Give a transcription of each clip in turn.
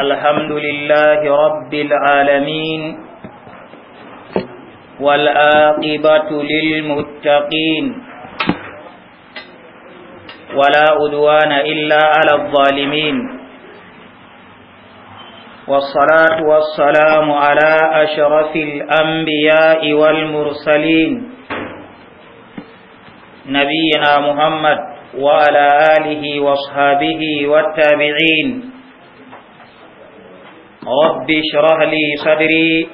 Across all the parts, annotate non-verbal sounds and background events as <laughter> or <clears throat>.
الحمد لله رب العالمين والآقبة للمتقين ولا أدوان إلا على الظالمين والصلاة والسلام على أشرف الأنبياء والمرسلين نبينا محمد وعلى آله واصحابه والتابعين رب اشرح لي صدري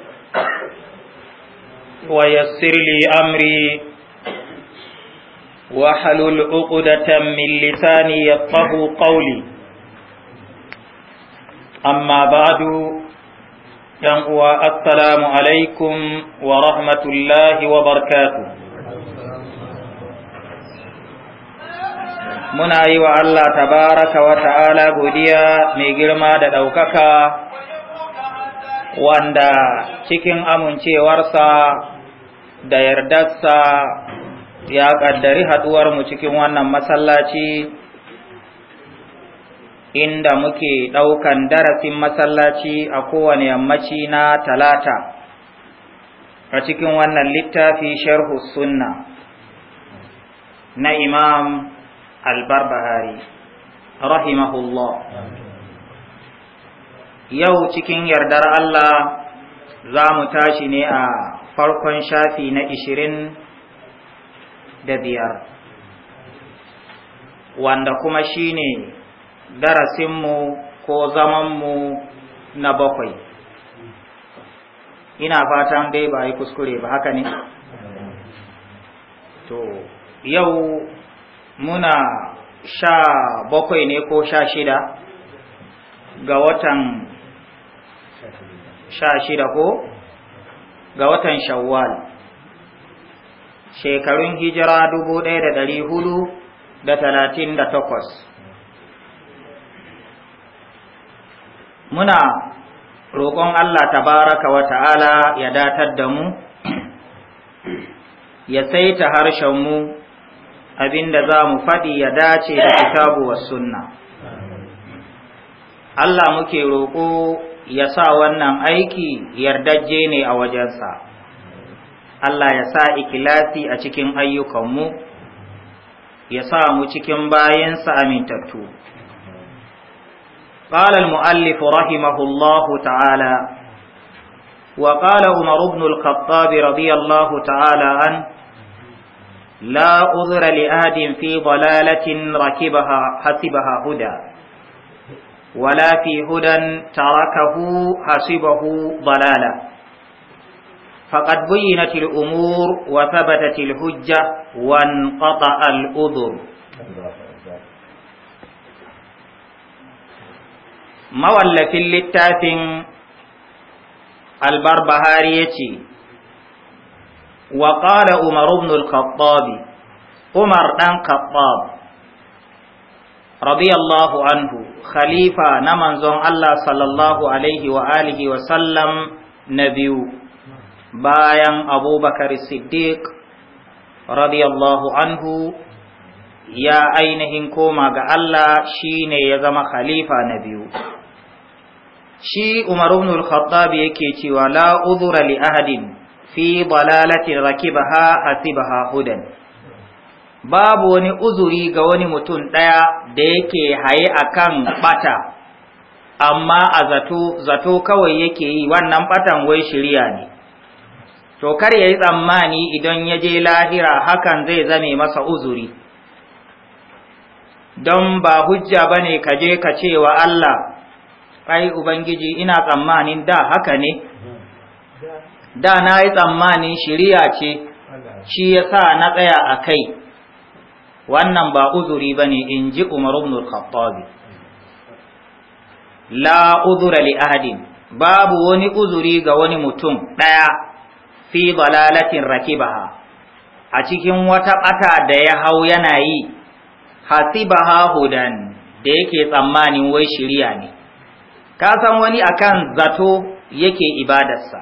ويسر لي أمري واحلل عقدة من لساني يفقه قولي أما بعد ينقوى السلام عليكم ورحمة الله وبركاته muna yi wa Allah tabaraka wa ta'ala godiya mai girma da ɗaukaka wanda cikin amincewarsa da yardarsa ya kaddari haɗuwarmu cikin wannan masallaci inda muke ɗaukan darasin masallaci a kowane yammaci na talata a cikin wannan littafi sharhu sunna na imam albarbahari rahimahullah yau cikin yardar Allah za mu tashi ne a farkon shafi na ishirin da biyar wanda kuma shi ne darasinmu ko zamanmu na bakwai ina fatan dai ba yi kuskure ba haka ne to yau muna sha bakwai ne ko sha shida ga watan sha shida ko ga watan shawwal shekarun hijira dubu ɗaya da ɗari hudu da talatin da takwas muna roƙon Allah tabaraka wa ta'ala ya datar da mu ya saita harshenmu abinda za mu faɗi ya dace da kitabu wa sunna Allah muke roƙo ya sa wannan aiki yardajje ne a wajensa Allah ya sa ikilasi a cikin ayyukanmu ya sa mu cikin bayansa amintattu قال المؤلف رحمه الله تعالى وقال عمر بن الخطاب رضي الله تعالى عنه لا أذر لأهد في ضلالة ركبها حسبها هدى ولا في هدى تركه حسبه ضلالا فقد بينت الأمور وثبتت الحجة وانقطع الأذر مولف للتاف البربهارية وقال عمر بن الخطاب عمر بن الخطاب radiyallahu anhu khalifa na manzon Allah sallallahu alaihi wa alihi wa sallam na biyu bayan abubakar siddiq radiyallahu anhu ya ainihin koma ga Allah shine ya zama khalifa na biyu shi Umar ibn al-Khattab yake cewa la udhura li ahadin fi dalalatin rakibaha hasibaha hudan babu wani uzuri ga wani mutum ɗaya da yake haye a kan ɓata amma a zato zato kawai yake yi wannan ɓatan wai shirya ne to kar ya yi tsammani idan ya je lahira hakan zai zame masa uzuri don ba hujja ba ne ka je ka ce wa Allah ai Ubangiji ina tsammanin da haka ne da na yi tsammanin shirya ce shi ya sa na tsaya a kai wannan ba uzuri bane in ji Umar ibn al-Khattab la uzura li ahadin babu wani uzuri ga wani mutum daya fi dalalatin rakibaha a cikin wata bata da ya hau yana yi hasibaha hudan da yake tsammanin wai shiriya ne ka san wani akan zato yake ibadarsa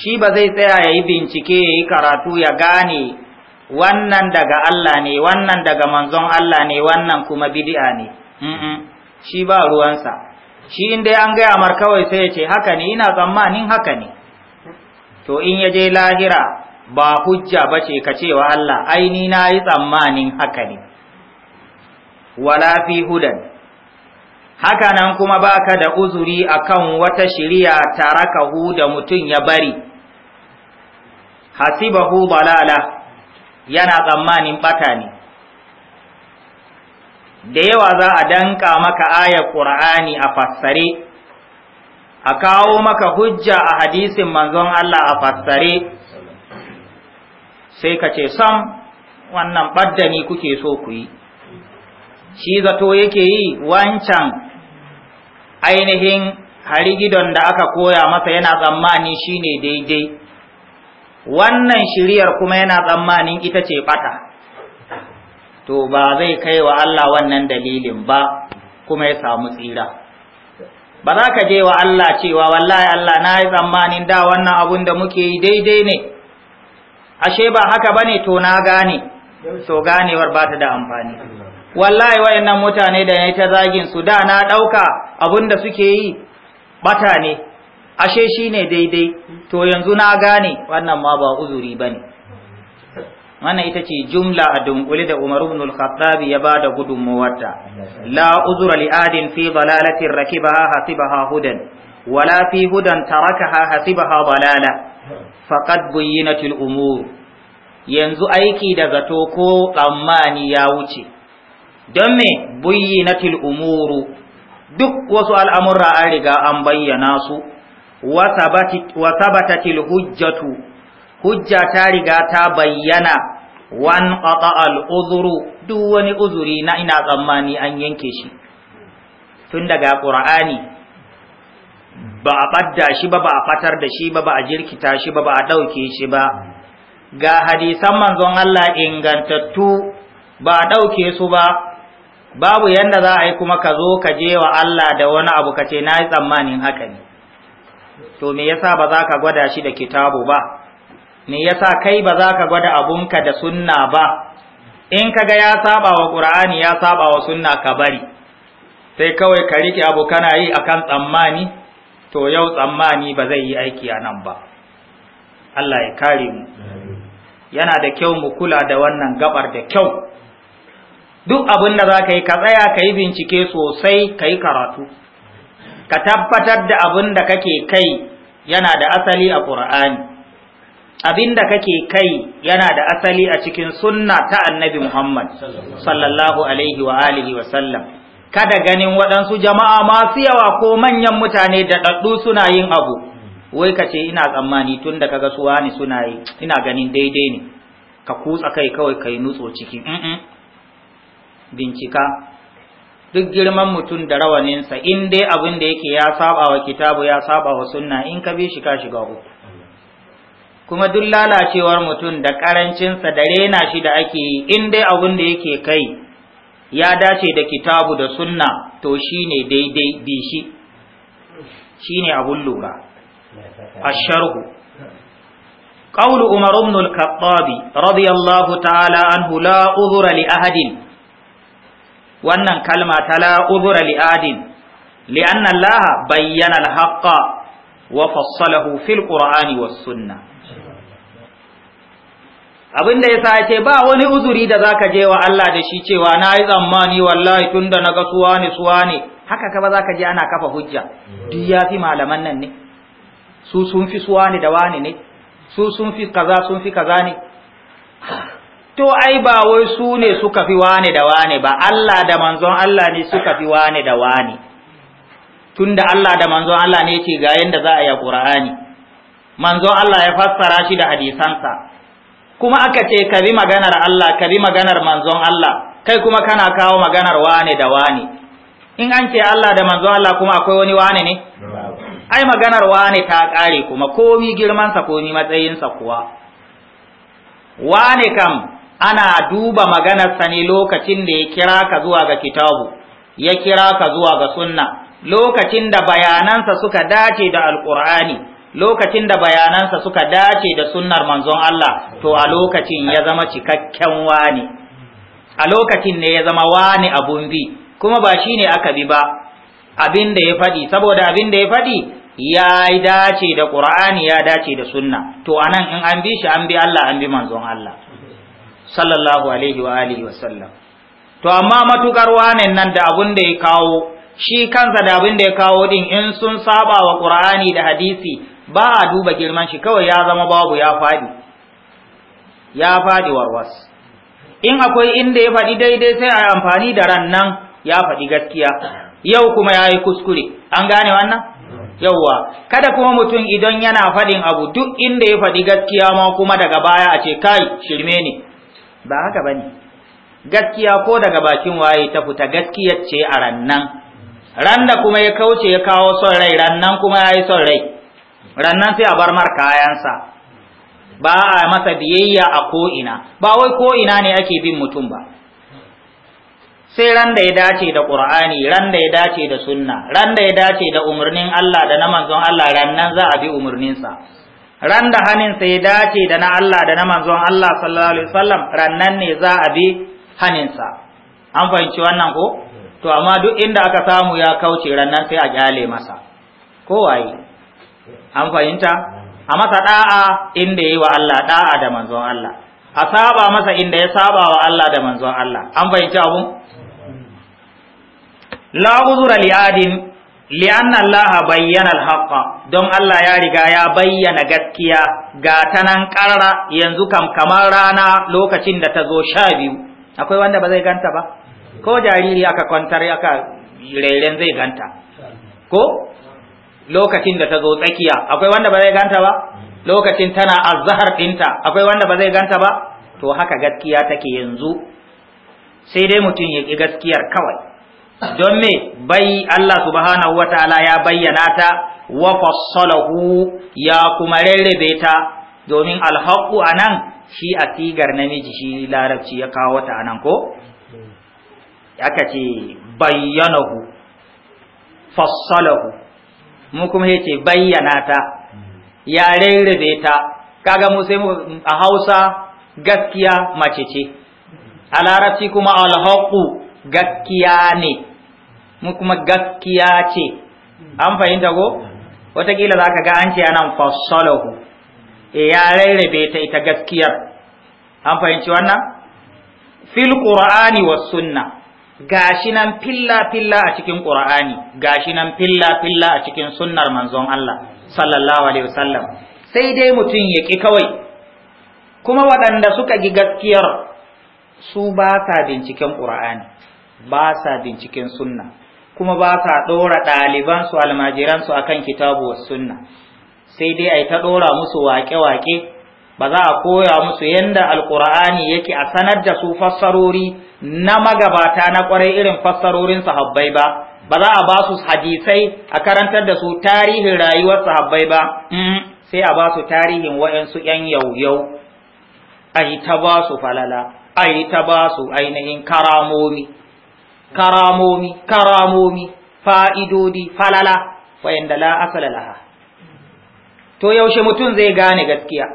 shi ba zai tsaya ya yi bincike ya yi karatu ya gane wannan daga Allah ne wannan daga manzon Allah ne wannan kuma bid'a ne shi ba ruwansa shi in dai an gaya mar kawai sai ya ce haka ne ina tsammanin haka ne to in ya je lahira ba hujja ba ce ka cewa Allah aini na yi tsammanin haka ne wala fi hudan haka nan kuma baka da uzuri akan wata shiriya tarakahu da mutum ya bari hasibahu balala yana tsammanin bata ne da yawa za a danka maka ayar qur'ani a fassare a kawo maka hujja a hadisin manzon Allah a fassare sai ka ce sam wannan ɓadda ni kuke so ku yi shi zato yake yi wancan ainihin harigidon da aka koya masa yana tsammani shine daidai wannan shiriyar kuma yana tsammanin ita ce bata to ba zai kai wa Allah wannan dalilin ba kuma ya samu tsira ba za ka je wa Allah cewa wallahi Allah na yi tsammanin da wannan abun da muke yi daidai ne ashe ba haka bane to na gane to ganewar ba ta da amfani wallahi wayannan mutane da ne ta zagin su da na dauka abun da suke yi bata ne ashe shi ne daidai to yanzu na gane wannan ma ba uzuri ba ne wannan ita ce jumla a dunkule da umar ibn al-khattab ya ba da gudunmawarta. la uzura li adin fi dalalatin rakibaha hasibaha hudan wala fi hudan tarakaha hasibaha balala faqad buyyinatil umur yanzu aiki da zato ko tsammani ya wuce don me buyyinatil umuru duk wasu al'amurra an riga an bayyana su wa hujjatu hujja ta riga ta bayyana wan qata al uzuru duk wani uzuri na ina tsammani an yanke shi tun daga qur'ani ba a badda shi ba ba a fatar da shi ba ba a jirkita shi ba ba a dauke shi ba ga hadisan manzon Allah ingantattu ba a dauke su ba babu yanda za a yi kuma ka zo ka je wa Allah da wani abu ka ce na yi tsammanin haka ne to me yasa ba za ka gwada shi da kitabu ba me yasa kai ba za ka gwada abunka da sunna ba in kaga ya saba wa qur'ani ya saba wa sunna ka bari sai kawai ka rike abu kana yi akan tsammani to yau tsammani ba zai yi aiki a nan ba Allah ya kare mu yana da kyau mu kula da wannan gabar da kyau duk abin da za ka yi ka tsaya ka yi bincike sosai ka yi karatu ka tabbatar da abin da kake kai yana da asali a Qur'ani abin da kake kai yana da asali a cikin sunna ta annabi Muhammad sallallahu alaihi wa alihi wa sallam kada ganin waɗansu jama'a masu yawa ko manyan mutane da daddu suna yin abu wai ka ce ina tsammani tun da kaga suwa ne suna yi ina ganin daidai ne ka kutsa kai kawai kai nutso ciki bincika duk girman mutum da rawaninsa in dai abin da yake ya saba wa kitabu ya saba wa sunna in ka bi shi ka shiga uku kuma duk lalacewar mutum da karancinsa da rena shi da ake yi in dai abin da yake kai ya dace da kitabu da sunna to shine daidai bi shi shine abun lura asharhu قول عمر بن الخطاب رضي الله تعالى عنه لا أذر لأحد wannan kalma ta la li'adin, li adin li Allah bayyana al wa fassalahu fil qur'ani was sunna. abin da yasa yace ba wani uzuri da zaka je wa Allah da shi cewa na yi tsammani wallahi tunda naga suwa ne suwa ne haka ka ba zaka je ana kafa hujja duk ya fi malaman nan ne su sun fi suwa ne da wani ne su sun fi kaza sun fi kaza ne to ai ba wai su ne suka fi wane da wane ba Allah da manzon Allah ne suka fi wane da wane tunda Allah da manzon Allah ne ce ga yanda za a yi Qur'ani manzon Allah ya fassara shi da hadisansa kuma aka ce ka bi maganar Allah ka bi maganar manzon Allah kai kuma kana kawo maganar wane da wane in an ce Allah da manzon Allah kuma akwai wani wane ne ai maganar wane ta kare kuma komi girmansa komi matsayinsa kuwa wane kam ana duba maganarsa ne lokacin da ya kira ka zuwa ga kitabu ya kira ka zuwa ga sunna lokacin da bayanansa suka dace da alkur'ani lokacin da bayanansa suka dace da sunnar manzon Allah to a lokacin ya zama cikakken wani a lokacin ne ya zama wani abun bi kuma ba shine aka bi ba abin da ya faɗi saboda abin da ya faɗi ya dace da qur'ani ya dace da sunna to anan in an bi shi an bi Allah an bi manzon Allah sallallahu alaihi wa alihi wa sallam to amma matukar wane nan da abun da ya kawo shi kansa da abin da ya kawo din in sun saba wa Qur'ani da hadisi ba a duba girman shi kawai ya zama babu ya fadi ya fadi warwas in akwai inda ya fadi daidai sai a amfani da ran nan ya fadi gaskiya yau kuma yayi kuskure an gane wannan yauwa kada kuma mutum idan yana faɗin abu duk inda ya faɗi gaskiya ma kuma daga baya a ce kai shirme ne ba haka bane gaskiya ko daga bakin waye ta fita gaskiyar ce a rannan randa kuma ya kauce ya kawo son rai rannan kuma ya yi son rai rannan sai a bar mar kayansa ba a masa biyayya a ko'ina ba wai ko'ina ne ake bin mutum ba sai randa ya dace da Ƙur'ani, randa ya dace da sunna randa ya dace da umarnin Allah da na manzon Allah rannan za a bi umarninsa ran da haninsa ya dace da na Allah da na manzon Allah sallallahu alaihi wasallam rannan ne za a bi haninsa an fahimci wannan ko to amma duk inda aka samu ya kauce rannan sai a gyale masa ko waye? an fahimta a masa da'a inda yi wa Allah da'a da manzon Allah a saba masa inda ya saba wa Allah da manzon Allah an fahimci abun la uzura li adin anna Allah bayyana al don Allah ya riga ya bayyana gaskiya ga ta nan yanzu kam kamar rana lokacin da ta zo sha biyu akwai wanda ba zai ganta ba ko jariri aka kwantar aka rairen zai ganta ko lokacin da ta zo tsakiya akwai wanda ba zai ganta ba lokacin tana azhar dinta akwai wanda ba zai ganta ba to haka gaskiya take yanzu sai dai mutum ya ki gaskiyar kawai don me bai Allah subhanahu wataala ya bayyana ta wa fassalahu ya kuma rarrabe ta domin alhaqu anan shi a tigar namiji shi larabci ya kawo ta anan ko aka ce bayyanahu fassalahu mu kuma yace bayyana ta ya rarrabe ta kaga mu sai a Hausa gaskiya mace ce a larabci kuma alhaqu gaskiya ne mu kuma gaskiyaa ce an fahimta ko wataƙila ga an ce fassalahu e ya ta gaskiyar an fahimci wannan fil qur'ani wa sunna gashi nan filla filla a cikin qur'ani gashi nan filla filla a cikin sunnar manzon Allah sallallahu alaihi sai dai mutum ya kawai kuma waɗanda suka gi gaskiyar su ba binciken qur'ani ba sa binciken sunna kuma ba sa ɗora ɗalibansu almajiransu a kan kitabu wa sunna sai dai a ita ta ɗora musu waƙe-waƙe ba za a koya musu yadda alkur'ani yake a sanar da su fassarori na magabata na ƙwarai irin fassarorin sahabbai ba ba za a ba su hadisai a karantar da su tarihin rayuwar sahabbai ba mm, sai a ba su tarihin waɗansu ‘yan yau-yau a yi ta ba su falala a yi ta ba su ainihin karamomi karamomi karamomi fa'idodi falala wayanda la asala laha to yaushe mutum zai gane gaskiya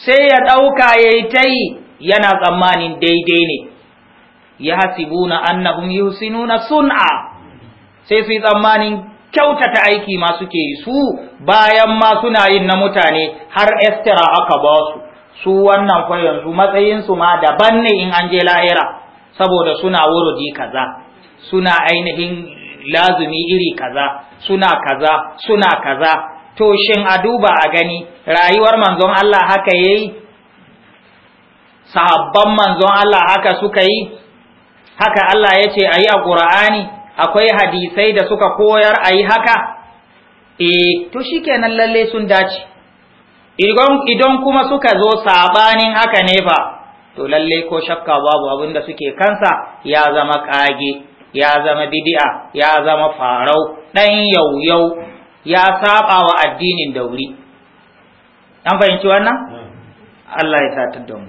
sai ya dauka yayi tai yana tsammanin daidai ne ya hasibuna annahum yuhsinuna sun'a sai su yi tsammanin kyautata aiki ma suke yi su bayan ma suna yin na mutane har estira aka ba su su wannan fa yanzu matsayinsu ma daban ne in an je lahira saboda suna wurudi kaza suna ainihin lazumi iri kaza suna kaza suna kaza to shin a duba a gani rayuwar manzon Allah haka yayi sahabban manzon Allah haka suka yi haka Allah ya ce a yi a akwai hadisai da suka koyar ayi haka Eh to shi kenan lalle sun dace idan kuma suka zo sabanin haka ne ba to lalle ko shakka babu abin da suke kansa ya zama kage ya zama bid'a ya zama farau dan yauyau ya saba wa addinin dauri an fahimci wannan Allah ya satar da mu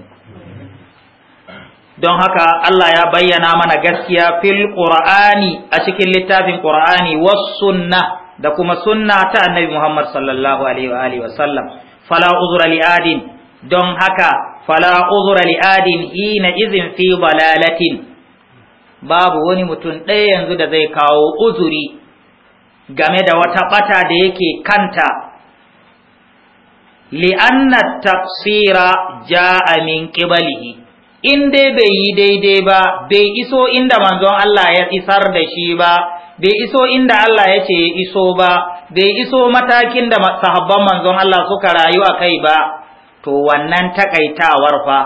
don haka Allah ya bayyana mana gaskiya fil qur'ani a cikin littafin qur'ani was sunna da kuma sunna ta annabi Muhammad sallallahu alaihi wa alihi wa sallam fala uzra li adin don haka fala uzura li adin hina izin fi balalatin babu wani mutum ɗaya yanzu da zai kawo uzuri game da wata ɓata da yake kanta li'anna tafsira ja'a min qibalihi in dai bai yi daidai ba bai iso inda manzon Allah ya isar da shi ba bai iso inda Allah ya ya iso ba bai iso matakin da sahabban manzon Allah suka rayu a kai ba to wannan takaitawar fa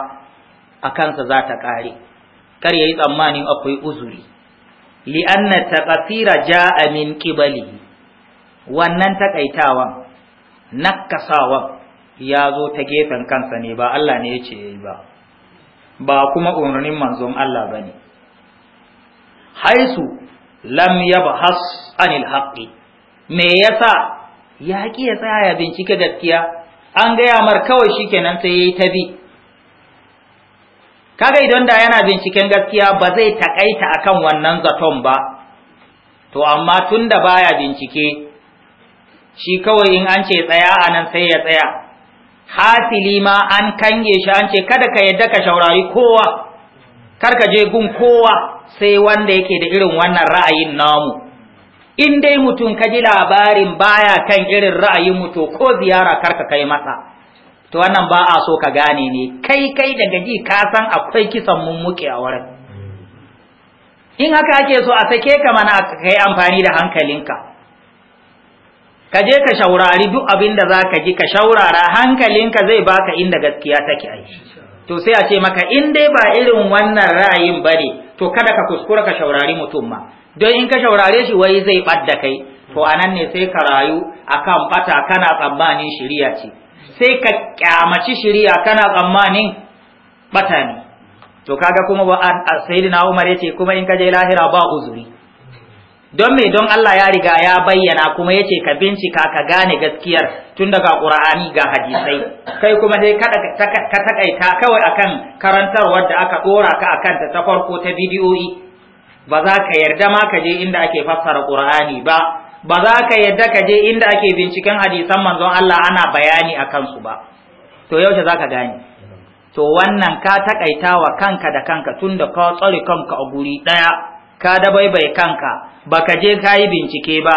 a kansa za ta ƙare kar ya yi tsammanin akwai uzuri li'anna taqsira ja'a min qibali wannan takaitawan nakasawan ya zo ta gefen kansa ne ba Allah ne ya ce yayi ba ba kuma umarnin manzon Allah bane haisu lam yabhas anil haqqi me yasa ya ki ya tsaya bincike gaskiya an gaya mar kawai shi nan sai yayi ta bi kaga idan da yana binciken gaskiya ba zai takaita akan wannan zaton ba to amma tun tunda baya bincike shi kawai in an ce tsaya a nan sai ya tsaya hasili ma an kange shi an ce kada ka yadda ka shaurari kowa kar ka je gun kowa sai wanda yake da irin wannan ra'ayin namu in dai mutum ka ji labarin baya kan irin ra'ayin mutu ko ziyara karka kai masa to wannan ba a so ka gane ne kai kai daga ji ka san akwai kisan mummuke a wurin in haka ake so a sake ka mana ka kai amfani da hankalinka ka je ka shaurari duk abin da za ka ji ka shaurara hankalinka zai baka inda gaskiya take ai to sai a ce maka in dai ba irin wannan ra'ayin ba ne to kada ka kuskura ka shaurari mutum ma don in ka shaurare shi wai zai ɓadda kai to a nan ne sai ka rayu a kan bata kana tsammanin shiriya ce sai ka ƙyamaci shiriya kana tsammanin ɓata ne to kaga kuma ba a na Umar yace kuma in ka je lahira ba uzuri don me don Allah ya riga ya bayyana kuma ya ce ka bincika ka gane gaskiyar tun daga Qur'ani ga hadisai kai kuma dai ka taƙaita kawai akan karantarwar da aka ɗora ka akan ta ta farko ta bidiyoyi ba za ka yarda ma ka je inda ake fassara Qur'ani ba ba za ka yarda ka je inda ake binciken hadisan manzon Allah ana bayani a kansu ba to yaushe za ka gane to wannan ka takaita wa kanka da kanka tunda ka tsare kanka a guri daya ka bai kanka ba ka je ka yi bincike ba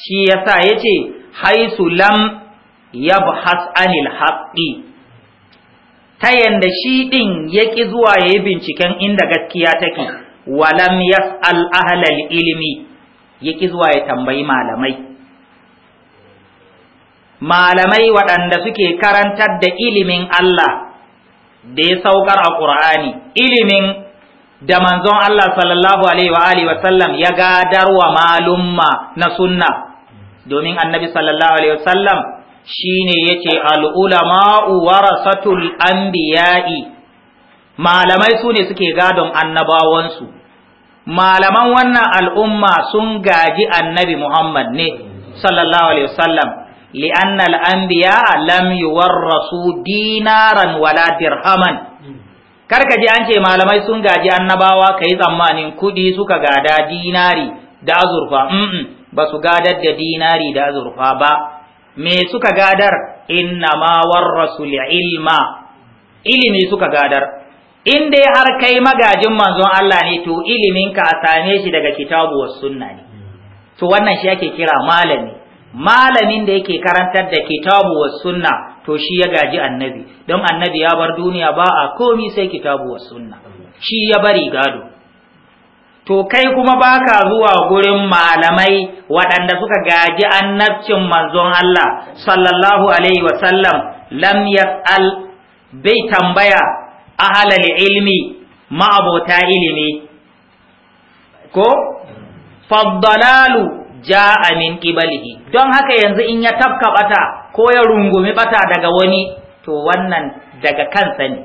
shi yasa yace haisu lam yabhas anil haqqi ta yanda shi ɗin yake zuwa ya binciken inda gaskiya take Walamyas yas'al ahlal ilmi ƙizuwa zuwa ya tambayi malamai malamai waɗanda suke karantar da ilimin Allah da ya saukar a ƙur'ani, ilimin da manzon Allah sallallahu alaihi wa alihi wa sallam ya gadarwa malumma na sunna domin annabi sallallahu alaihi wa sallam shine yace al ulama'u warasatul anbiya'i malamai sune suke gadon annabawansu malaman wannan al'umma sun gaji annabi Muhammad ne sallallahu alaihi wasallam li'anna al'anbiya lam yuwarrasu dinaran wala dirhaman Kar ka ji an ce malamai sun gaji annabawa kai tsammanin kuɗi suka gada dinari da azurfa mm ba su gadar da dinari da azurfa ba me suka gadar inna ma warrasu ilma ilimi suka gadar in dai har kai magajin manzon Allah ne to iliminka a same shi daga kitabu was sunna ne to wannan shi ake kira malami malamin da yake karantar da kitabu was sunna to shi ya gaji annabi don annabi ya bar duniya ba a komi sai kitabu was sunna shi ya bari gado to kai kuma baka zuwa gurin malamai waɗanda suka gaji annabcin manzon Allah sallallahu alaihi wasallam lam yas'al bai tambaya ahalal ilmi ma'abota ilimi ko faddalalu ja'a min qibalihi don haka yanzu in ya tafka bata ko ya rungumi bata daga wani to wannan daga kansa ne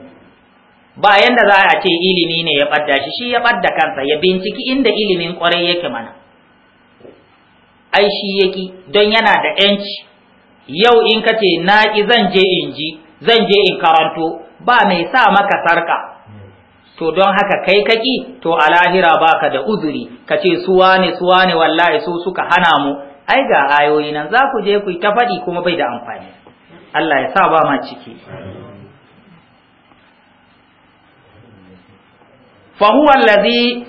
ba yanda za a ce ilimi ne ya ɓadda shi shi ya ɓadda kansa ya binciki inda ilimin ƙwarai yake mana ai shi yaki don yana da ‘yanci yau in kace na ki zan je in ji zan je in karanto ba mai sa maka sarka to don haka kai kaki to a lahira baka da uzuri ka ce suwa ne suwa ne wallahi su suka hana mu ai ga ayoyi nan za ku je ku yi ta faɗi kuma bai da amfani Allah ya sa ba ma ciki fa huwa allazi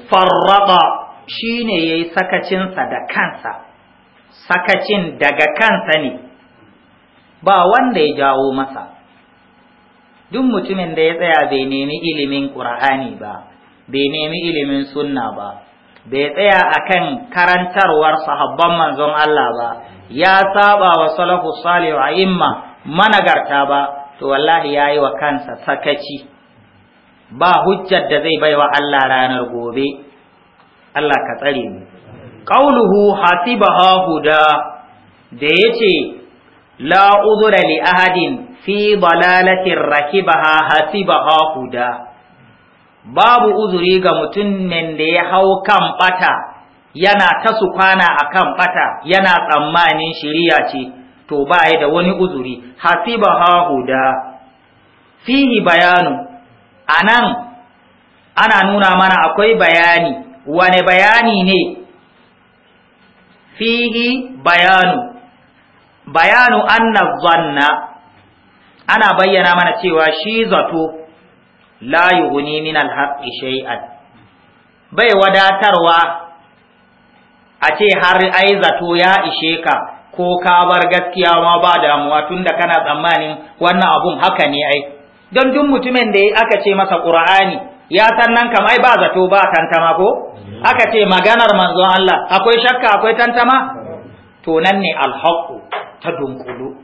shi ne yayi yi sakacinsa da kansa sakacin daga kansa ne ba wanda ya jawo masa duk mutumin da ya tsaya bai nemi ilimin ƙur'ani ba bai nemi ilimin sunna ba bai tsaya akan karantarwar sahabban manzon Allah ba ya saba wa salafu salihu a imma managarta ba to wallahi yayi wa kansa sakaci ba hujjar da zai baiwa Allah ranar gobe Allah ka tsare mu qauluhu hasibaha huda da yace la udura li ahadin fi balalatin rakibaha hasibaha huda babu uzuri ga mutumin da ya hau kan bata yana ta su kwana kan bata yana tsammanin shiriya ce to ba baya da wani uzuri hasibaha huda fihi bayanu anan ana nuna mana akwai bayani wane bayani ne fihi bayanu bayanu anna zanna ana bayyana mana cewa shi zato la yughni min al-haqqi shay'an bai wadatarwa a ce har ai zato ya ishe ka ko ka bar gaskiya ma ba damuwa tunda kana tsammanin wannan abun haka ne ai don duk mutumin da aka ce masa qur'ani ya san nan kam ai ba zato ba tantama ko aka ce maganar manzon Allah akwai shakka akwai tantama to nan ne alhaqu ta dunkulu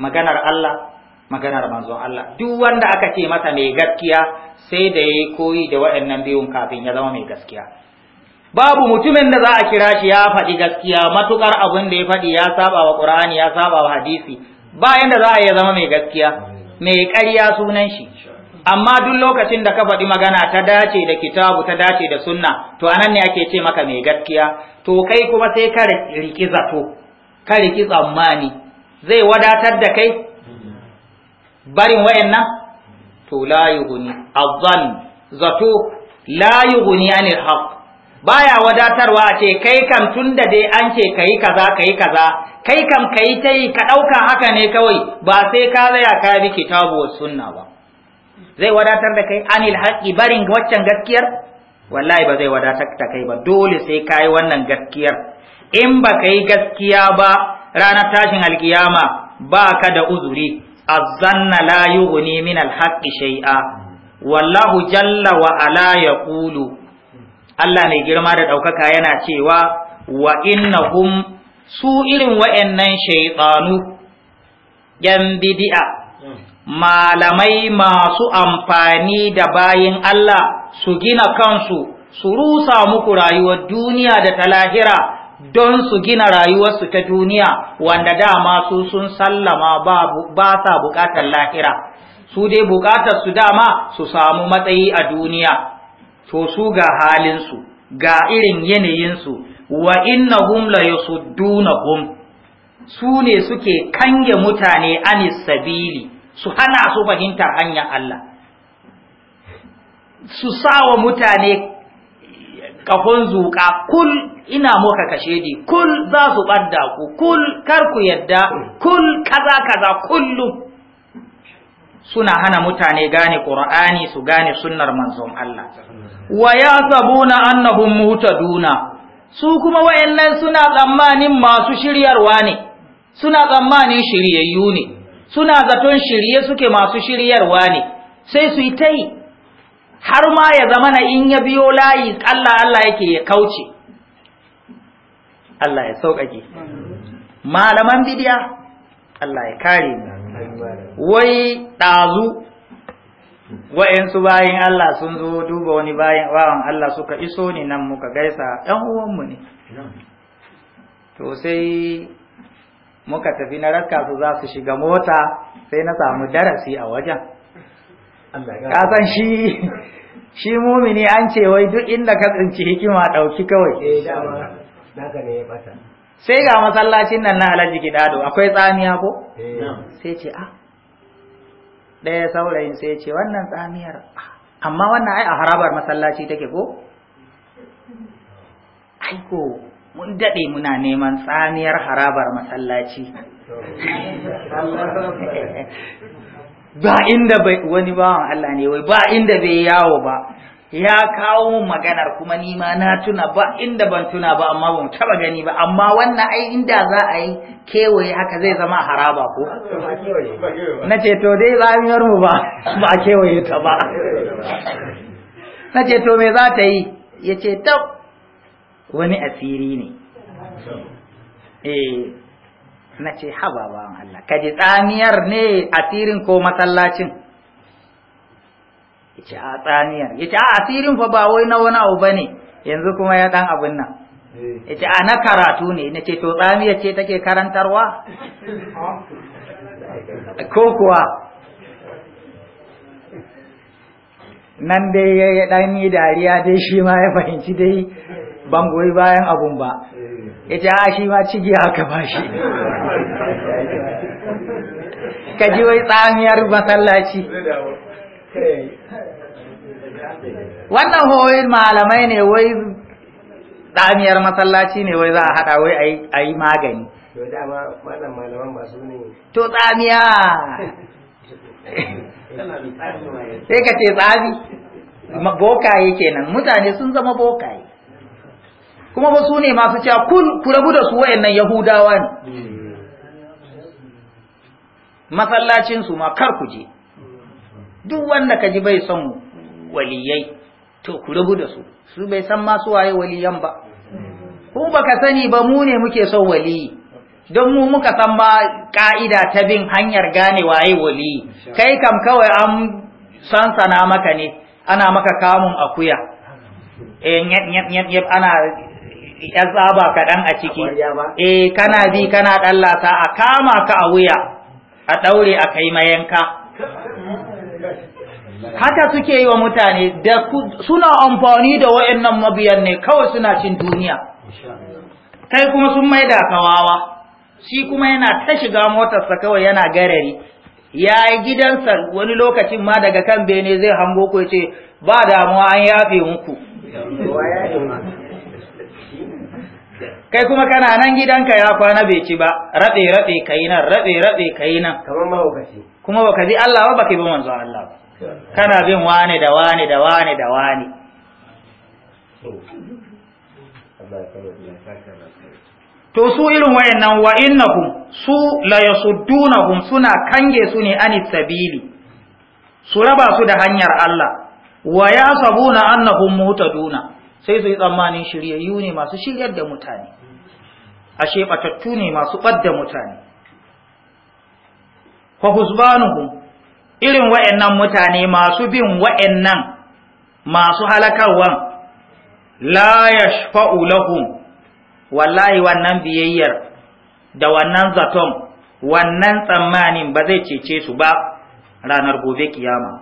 maganar Allah maganar manzon Allah duk wanda aka ce masa mai gaskiya sai da yayi koyi da waɗannan biyun kafin ya zama mai gaskiya babu mutumin da za a kira shi ya faɗi gaskiya matukar abin da ya faɗi ya saba wa Qur'ani ya saba wa hadisi bayan da za a ya zama mai gaskiya mai ƙarya sunan shi amma duk lokacin da ka faɗi magana ta dace da kitabu ta dace da sunna to anan ne ake ce maka mai gaskiya to kai kuma sai ka rikiza zato ka riki tsammani zai wadatar da kai barin wayannan to la yughni azzan zato la yughni anil haqq baya wadatarwa a ce kai kam tunda dai an ce kai kaza kai kaza kai kam kai ta ka ɗauka haka ne kawai ba sai ka zaya ka bi kitabu wa sunna ba zai wadatar da kai anil haqqi barin waccan gaskiyar wallahi ba zai wadatar da kai ba dole sai ka wannan gaskiyar in ba kai yi gaskiya ba ranar tashin alkiyama ba ka da uzuri azanna la yughni min alhaqqi shay'a wallahu jalla wa ala yaqulu Allah mai girma da ɗaukaka yana cewa wa innahum su irin wa'annan shaytanu yan bidi'a malamai masu amfani da bayin Allah su gina kansu su rusa muku rayuwar duniya da ta lahira don su gina rayuwarsu ta duniya wanda dama su sun sallama ba sa bukatar lahira su dai bukatar su dama su samu matsayi a duniya to su ga halinsu ga irin yanayinsu wa innahum la hum! su ne suke kange mutane anis sabili su hana su fahimtar hanyar Allah su sa wa mutane kafon zuƙa kul ina muka kashe di kul za su ɓadda ku kul kar ku yadda kul kaza kaza kullum suna hana mutane gane ƙur'ani su gane sunnar manzon Allah wa ya sabuna annahum mutaduna su kuma wayannan suna tsammanin masu shiryarwa ne suna tsammanin shiryayyu ne suna zaton shirye suke masu shiryarwa ne sai su yi ta yi har ma ya zama na in ya biyo layi Allah Allah yake ya kauce Allah ya sauƙaƙe malaman bidiya Allah ya kare mu wai ɗazu wa'yansu bayin Allah sun zo duba wani bayan bawan Allah suka iso ne nan muka gaisa ɗan uwanmu ne to sai muka tafi na raka su za su shiga mota sai na samu darasi a wajen ka san shi shi mumini an ce wai duk inda ka tsinci hikima ɗauki kawai eh, sai ga masallacin nan na alhaji gidado akwai tsamiya ko eh. sai ce a ah. ɗaya saurayin sai ce wannan tsamiyar ah, amma wannan ai a harabar masallaci take ko aiko mun daɗe muna neman tsamiyar harabar masallaci <laughs> <laughs> ba inda bai wani bawan Allah ne wai ba inda bai yawo ba ya kawo mun maganar kuma ni ma na tuna ba inda ban tuna ba amma ban taba gani ba amma wannan ai inda za a yi kewaye haka zai zama haraba ko na ce to dai zamiyar mu ba ba a kewaye ta ba na ce to me za ta yi ya ce wani asiri ne eh na ce haba bawan Allah ka ji tsamiyar ne asirin ko masallacin yace a tsamiyar yace a asirin fa ba wai na wani abu bane yanzu kuma ya dan abun nan eh. yace a na karatu ne nace to tsamiyar ce take karantarwa ko kuwa nan dai ya ɗan yi dariya dai shi ma ya fahimci dai ban goyi bayan abun ba eh. ita a shi ma cigi aka ba shi ka ji wai tsamiyar masallaci wannan hoyin malamai ne wai tsamiyar masallaci ne wai za a haɗa wai a yi magani to tsamiya sai ka ce tsami bokaye kenan mutane sun zama bokaye kuma ba su ne masu cewa kun ku rabu da su wayannan yahudawa ne masallacin su ma kar ku je duk wanda ka ji bai son waliyai to ku rabu da su su bai san ma su waye waliyan ba ku ka sani ba mu ne muke son wali don mu muka san ba ka'ida ta bin hanyar gane waye wali kai kam kawai an sansana maka ne ana maka kamun akuya eh, ana ya tsaba kaɗan a ciki eh kana bi kana ɗallata a kama ka a wuya a ɗaure a kai mayanka haka suke yi wa mutane da suna amfani da wayannan mabiyan ne kawai suna cin duniya kai kuma sun maida kawawa shi kuma yana ta shiga motarsa kawai yana garari ya yi gidansa wani lokacin ma daga kan bene zai hango ko ce ba damuwa an yafe muku kai kuma kana nan gidanka ya kwana bai ci ba rabe rabe kai nan rabe rabe kai nan kamar ba kuma ji Allah ba baka bi manzo Allah ba kana bin wane da wane da wane da wane to su irin wayannan wa innakum su la yasuddunahum suna kange su ne anis sabili su raba su da hanyar Allah wa yasabuna annahum mutaduna sai su yi tsammanin shiryayyu ne masu shiryar da mutane ashe batattu ne masu ɓadda mutane fa husbanuhum irin wa'annan mutane masu bin wa'annan masu halakarwan la yashfa'u lahum wallahi wannan biyayyar da wannan zaton wannan tsammanin ba zai cece su ba ranar gobe kiyama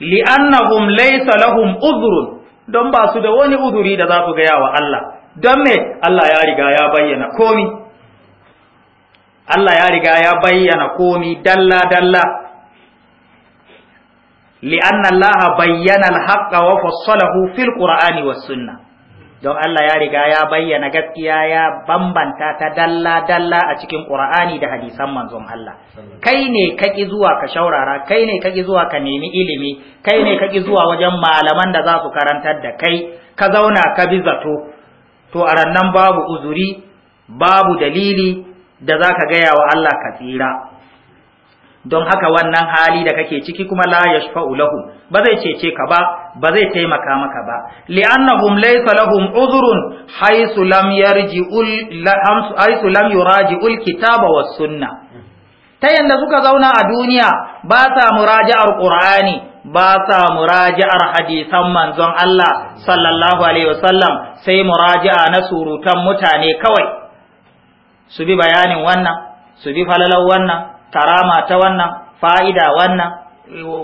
li'annahum laysa lahum udhrun don ba su da wani uzuri da za su gaya wa Allah don me Allah ya riga ya bayyana komi Allah ya riga ya bayyana komi dalla dalla li'anna Allah bayyana al-haqqa wa fassalahu fil qur'ani was sunnah don Allah ya riga ya bayyana gaskiya ya bambanta ta dalla-dalla a cikin Ƙur'ani da hadisan manzon Allah. Kai ne kaki zuwa ka shaurara, kai ne kaki zuwa ka nemi ilimi, kai ne kaki zuwa wajen malaman da za su karantar da kai, ka zauna ka bi zato, to a rannan babu uzuri babu dalili da za ka gaya wa Allah ka tsira don haka wannan hali da kake ciki kuma la yashfa'u lahum ba zai cece ka ba ba zai taimaka maka ba li'annahum laysa lahum uzrun haythu lam yarji'u haythu lam yuraji'u kitaba was sunna ta yanda suka zauna a duniya ba sa muraja'ar qur'ani ba sa muraji'ar hadisan manzon Allah sallallahu alaihi wasallam sai muraji'a na surutan mutane kawai su bi bayanin wannan su bi falalar wannan karama ta wannan fa'ida wannan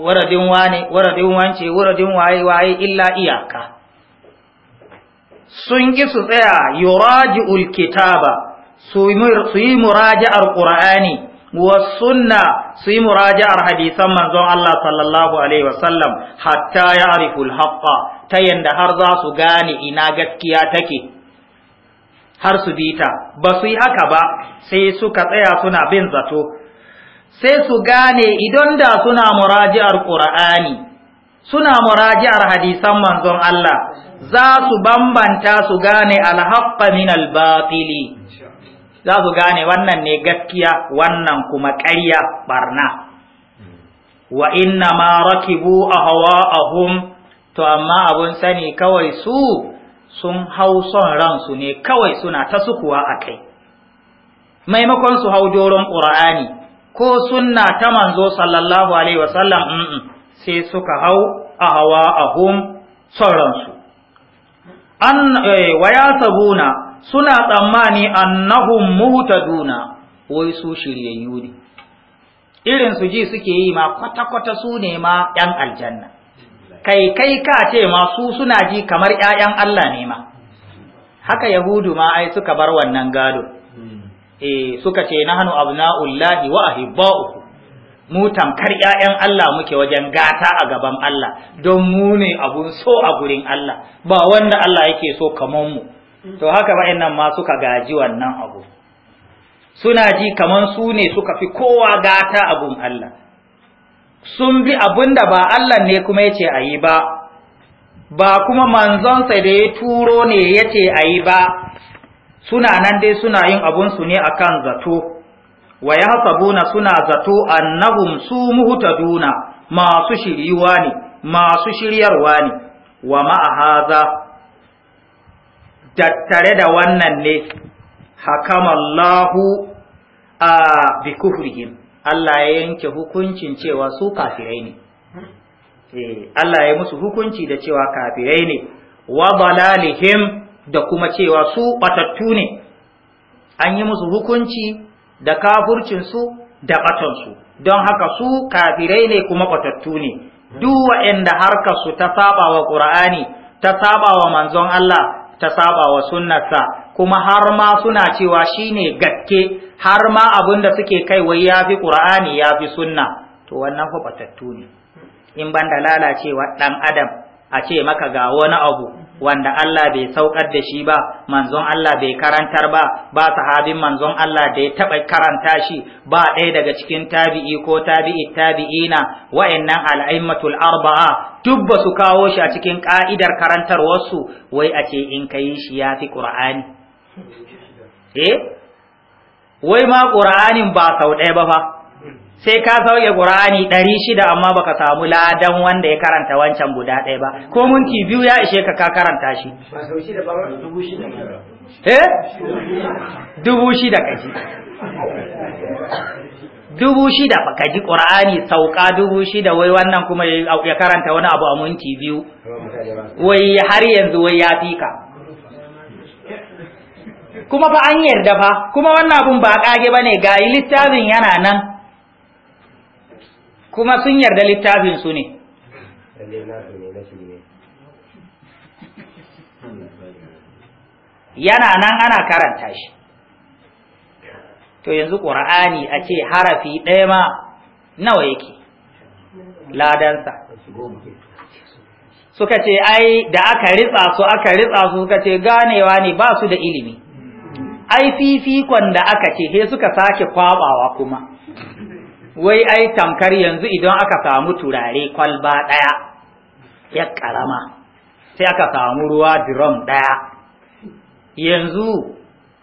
waradin wane waradin wance waradin waye waye illa iyaka sun ƙi su tsaya yuraji'ul kitaba su yi muraji'ar qur'ani wasunna su yi muraja'ar hadisan manzon Allah sallallahu alaihi wasallam hatta ya ariful haqqa ta yanda har za su gane ina gaskiya take har su ta, ba su yi haka ba sai suka tsaya suna bin zato sai su gane idan da suna muraji'ar Qur'ani suna muraji'ar hadisan manzon Allah za su bambanta su gane alhaqqa min albatili za su gane wannan ne gaskiya wannan kuma ƙarya barna wa inna ma rakibu ahwa'ahum to amma abun sani kawai su sun hau son ransu ne kawai suna ta sukuwa kai. maimakon su hau doron qur'ani ko sunna ta manzo sallallahu alaihi wasallam sai suka hau ahwa'ahum son ransu an eh, wa sabuna. suna tsammani annahum muhtaduna wai su shiryayyu ne irin su ji suke yi ma kwata-kwata su ne ma ‘yan aljanna, kai kai ka ce masu suna ji kamar ‘ya'yan Allah ne ma, haka Yahudu ma ai suka bar wannan gado, Eh suka ce na hannu wa ahibba'u, mu tamkar ‘ya'yan Allah muke wajen gata a gaban Allah, don mu ne abun so a gurin Allah, ba wanda Allah yake so kamar mu. to haka ba wa'annan ma suka gaji wannan abu suna ji kaman su ne suka fi kowa gata abun Allah sun bi abun da ba Allah ne kuma yace a yi ba ba kuma manzonsa da ya turo ne yace a yi ba suna nan dai suna yin abunsu ne akan zato wa sabuna suna zato annahum su muhtaduna masu shiriyuwa ne masu shiryarwa ne wa ma'a haza tattare da wannan ne hakamallahu a bi kufrihim Allah ya yanke hukuncin cewa su kafirai ne eh, Allah ya musu hukunci da cewa kafirai ne wa balalihim da kuma cewa su batattu ne an yi musu hukunci da kafurcin su da batansu don haka su kafirai ne kuma batattu ne duk waɗanda su ta saba wa ƙur'ani ta saba wa manzon Allah ta saba wa sunnarsa kuma har ma suna cewa shine gaske har ma abin da suke kai wai ya yafi qur'ani fi sunna to wannan fa batattu ne in banda lalacewa dan adam a ce maka ga wani abu wanda Allah bai saukar da shi ba manzon Allah bai karantar ba ba sahabin manzon Allah da ya taɓa karanta shi ba ɗaya daga cikin tabi'i ko tabi'i tabi'ina wa'annan al'aimatul arba'a duk ba su kawo shi a cikin ka'idar karantarwarsu wai a ce in ka yi shi ya fi ƙura'ani eh? wai ma ƙura'anin ba sau ɗaya ba fa sai ka sauke ƙura'ani ɗari shida amma baka samu ladan wanda ya karanta wancan guda ɗaya ba ko minti biyu ya ishe ka ka karanta shi eh dubu shida kaji <laughs> dubu shida ba ka ji ƙur'ani sauka dubu shida wai wannan kuma ya karanta wani abu a minti biyu wai har yanzu wai ya fi ka kuma fa an yarda fa kuma wannan abun ba ƙage ba ne ga littafin yana nan kuma sun yarda littafin su ne yana nan ana karanta shi to yanzu ƙura'ani a ce harafi ɗaya ma nawa yake ladansa suka ce ai da aka ritsa su aka ritsa su suka ce ganewa ne ba su da ilimi ai fifikon da aka ce he suka sake kwabawa kuma wai ai tamkar yanzu idan aka samu turare kwalba ɗaya ya ƙarama sai aka samu ruwa drum ɗaya yanzu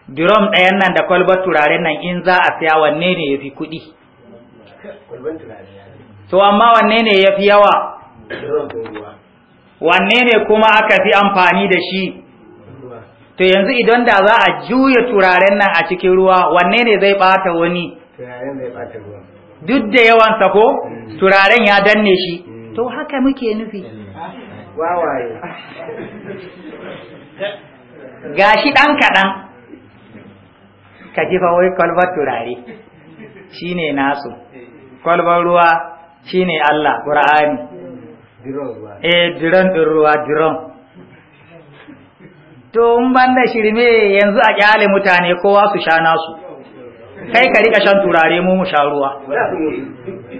drum ɗayan nan da kwalbar turaren nan in za a siya wanne ne ya kuɗi to amma wanne ne ya yawa wanne ne kuma aka fi amfani da shi to yanzu idan da za a juya turaren nan a cikin ruwa wanne ne zai ɓata wani duk da yawan ko mm. turaren ya danne shi mm. to haka muke nufi gashi ɗan kaɗan ka ji fa wai kwalbar turare shine nasu kwalbar ruwa shine Allah ƙura'ani eh diron ɗin ruwa diron to in da shirme yanzu a ƙyale mutane kowa su sha nasu kai ka riƙa shan turare mu mu sha ruwa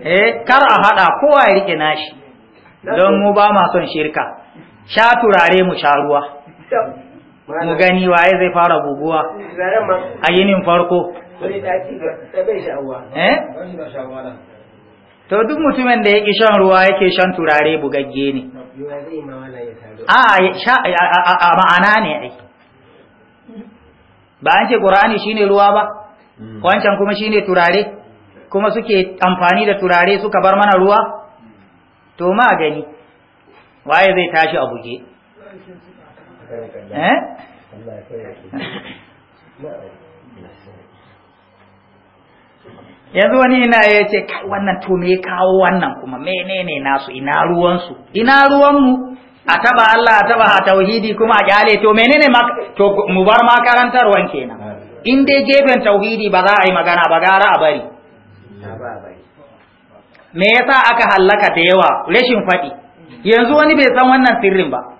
eh kar a haɗa kowa ya riƙe nashi don mu ba ma son shirka sha turare mu sha ruwa mu gani waye zai fara guguwa a yinin farko eh? to duk mutumin da yake shan ruwa yake shan turare bugagge ne a ma'ana ne ai ba an ce qur'ani shine ruwa ba hmm. wancan kuma shine turare kuma suke amfani da turare suka bar mana ruwa to ma gani waye zai tashi a buge eh yanzu wani ina ya ce kai wannan to me kawo wannan kuma menene nasu ina ruwansu ina ruwanmu a taba Allah a taba a tauhidi kuma a kyale to menene to mu bar makarantar wanke kenan in dai gefen tauhidi ba za a yi magana ba gara a bari me yasa aka hallaka da yawa rashin faɗi yanzu wani bai san wannan sirrin ba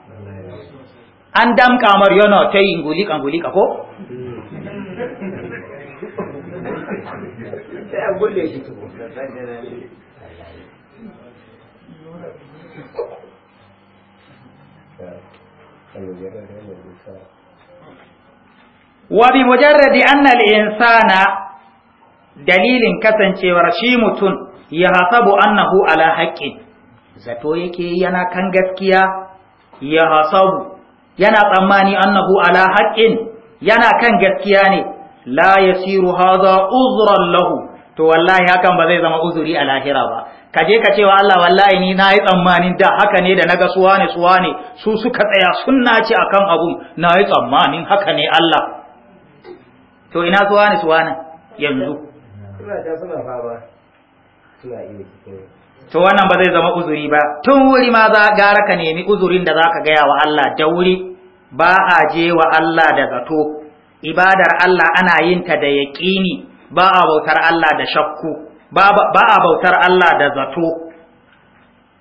an damƙa mar yana ta yi ngulika-ngulika ko? wa bi mujarradi anna al-insana dalilin kasancewar shi mutum ya hasabu annahu ala haqqi zato yake yana kan gaskiya ya hasabu yana tsammani annahu ala haqqin yana kan gaskiya ne la yasiru hadha uzran lahu to wallahi hakan ba zai zama uzuri a lahira ba ka je ka cewa Allah wallahi ni nayi tsammanin da haka ne da naga suwa ne suwa ne su suka tsaya sunna ce akan abu. nayi tsammanin haka ne Allah to ina suwa ne suwa yanzu to wannan ba zai zama uzuri ba tun wuri ma za gara ka nemi uzurin da zaka gaya wa Allah da wuri ba a je wa Allah da zato ibadar Allah ana yin ta da yaƙini ba a bautar Allah da shakku ba a bautar Allah da zato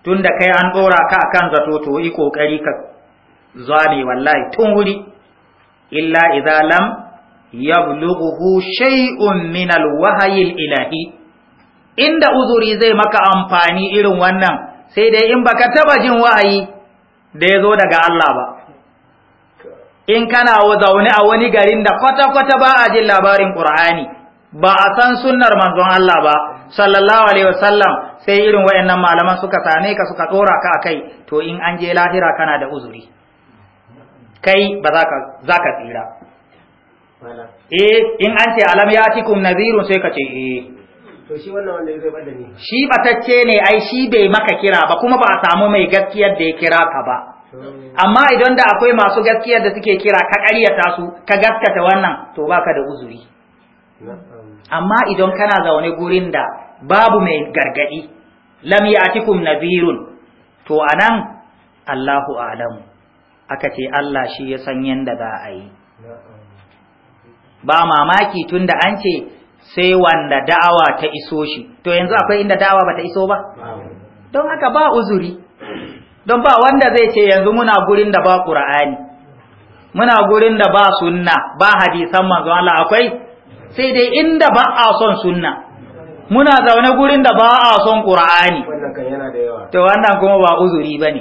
tun da kai an ɗora ka akan zato to yi ƙoƙari ka zame wallahi tun wuri illa idza lam yablughu shay'un min al-wahyi ilahi inda uzuri zai maka amfani irin wannan sai dai in baka taba jin wa'ayi da ya zo daga Allah ba in kana zaune a wani garin da kwata-kwata ba a jin labarin Qur'ani ba a san sunnar manzon Allah ba sallallahu alaihi wasallam sai irin wayannan malaman suka same ka suka tsora ka a kai, to in an je lahira kana da uzuri kai ba za ka tsira eh in an ce alam yatikum nadhirun sai ka ce eh to shi wannan wanda ya bada ne shi batacce ne ai shi bai maka kira ba kuma ba a samu mai gaskiyar da ya kira ka ba amma idan da akwai masu gaskiyar da suke kira ka ƙaryata su ka gaskata wannan to baka da uzuri amma idan kana zaune gurin da babu mai gargadi lam ya'tikum nadhirun to anan Allahu a'lamu aka ce Allah shi ya san yanda za a yi ba mamaki tunda an ce sai wanda da'awa ta iso shi to yanzu akwai inda da'awa bata iso ba don haka ba uzuri don ba wanda zai ce yanzu muna gurin da ba qur'ani muna gurin da ba sunna ba hadisan manzo Allah akwai sai dai inda ba a son sunna muna zaune gurin da ba a son Qur'ani to wannan kuma ba uzuri bane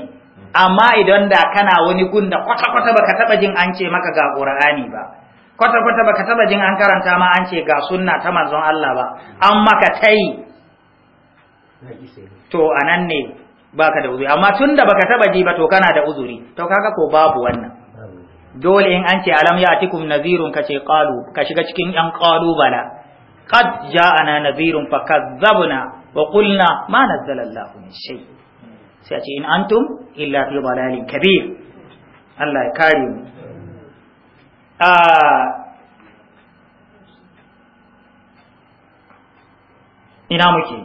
amma idan da kana wani gun da kwata kwata baka taba jin an ce maka ga Qur'ani ba kwata-kwata baka taba jin an karanta ma an ce ga sunna ta manzon Allah ba an maka tai to anan ne baka da uzuri amma tunda baka taba ji ba to kana da uzuri to kaga ko babu wannan dole in an ce alam ya'tikum nadhirun kace qalu ka shiga cikin yan qalu bala qad ja'ana nadhirun fakazzabna wa qulna ma nazzala Allah min shay sai a ce in antum illa fi dalalin kabir Allah ya kare mu ina muke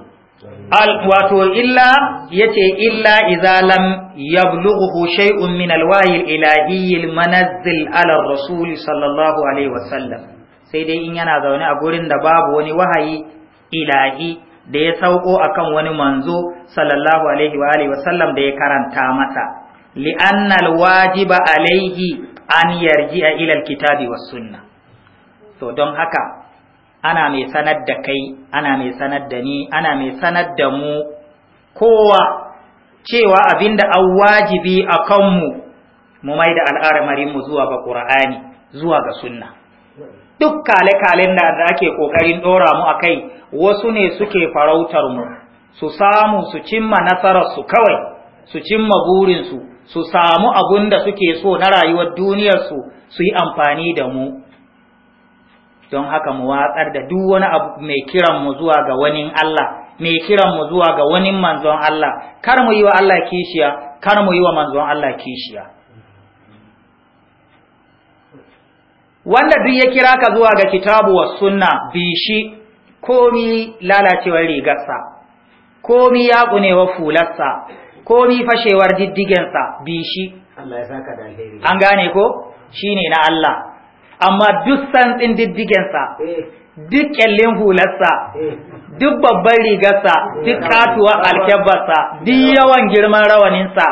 wato illa ce illa idza lam yablughu shay'un min alwahyi alilahi almanazzil ala rasul sallallahu alaihi wasallam sai dai in yana zaune a gurin da babu wani wahayi ilahi da ya sauko akan wani manzo sallallahu alaihi wa alihi wasallam da ya karanta masa li'annal wajiba alaihi an yarji a ilal kitabi wa sunna to don haka ana mai sanar da kai ana mai sanar da ni ana mai sanar da mu kowa cewa abinda an wajibi a kanmu mu mai da al'aramarinmu zuwa ga ƙura'ani zuwa ga sunna duk kale-kalen da ake ƙoƙarin ɗora mu a kai wasu ne suke farautar mu su samu su cimma nasararsu kawai su cimma burinsu su samu abun da suke so na rayuwar duniyarsu su yi amfani da mu don haka mu watsar da duk wani abu mai kiran mu zuwa ga wani Allah mai kiran mu zuwa ga wani manzon Allah kar mu yi wa Allah kishiya kar mu yi wa manzon Allah kishiya wanda duk ya kira ka zuwa ga kitabu wa sunna bishi komi lalacewar rigarsa komi ya kunewa fularsa komi fashewar diddigensa bi shi an gane ko shine na Allah amma duk santsin diddigensa eh. duk kyallin hularsa eh. duk babban rigarsa eh. duk katuwa alkyabarsa duk yawan girman rawaninsa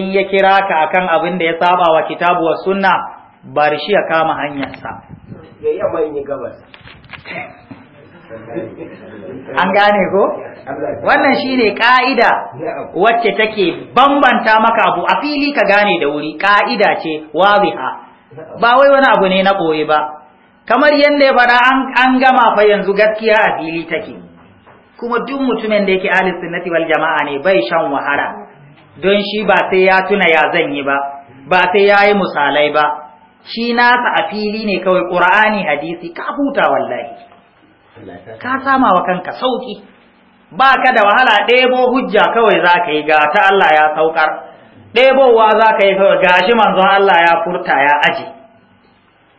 in ya kira ka akan abin da ya saba wa kitabu wa sunna bar shi ya kama hanyarsa <laughs> an gane ko wannan shine ka'ida wacce take bambanta maka abu a fili ka gane da wuri ka'ida ce waziha ba wai wani abu ne na koyi ba kamar yanda ya fara an gama fa yanzu gaskiya a fili take kuma duk mutumin da yake ahli sunnati wal jama'a ne bai shan wahala don shi ba sai ya tuna ya yi ba ba sai ya yi misalai ba shi nasa a fili ne kawai qur'ani hadisi ka huta wallahi ka sama wa kanka sauki ba ka da wahala ɗebo hujja kawai za ka yi ga ta Allah ya saukar ɗebowa za ka yi kawai gashi manzon Allah ya furta ya aji.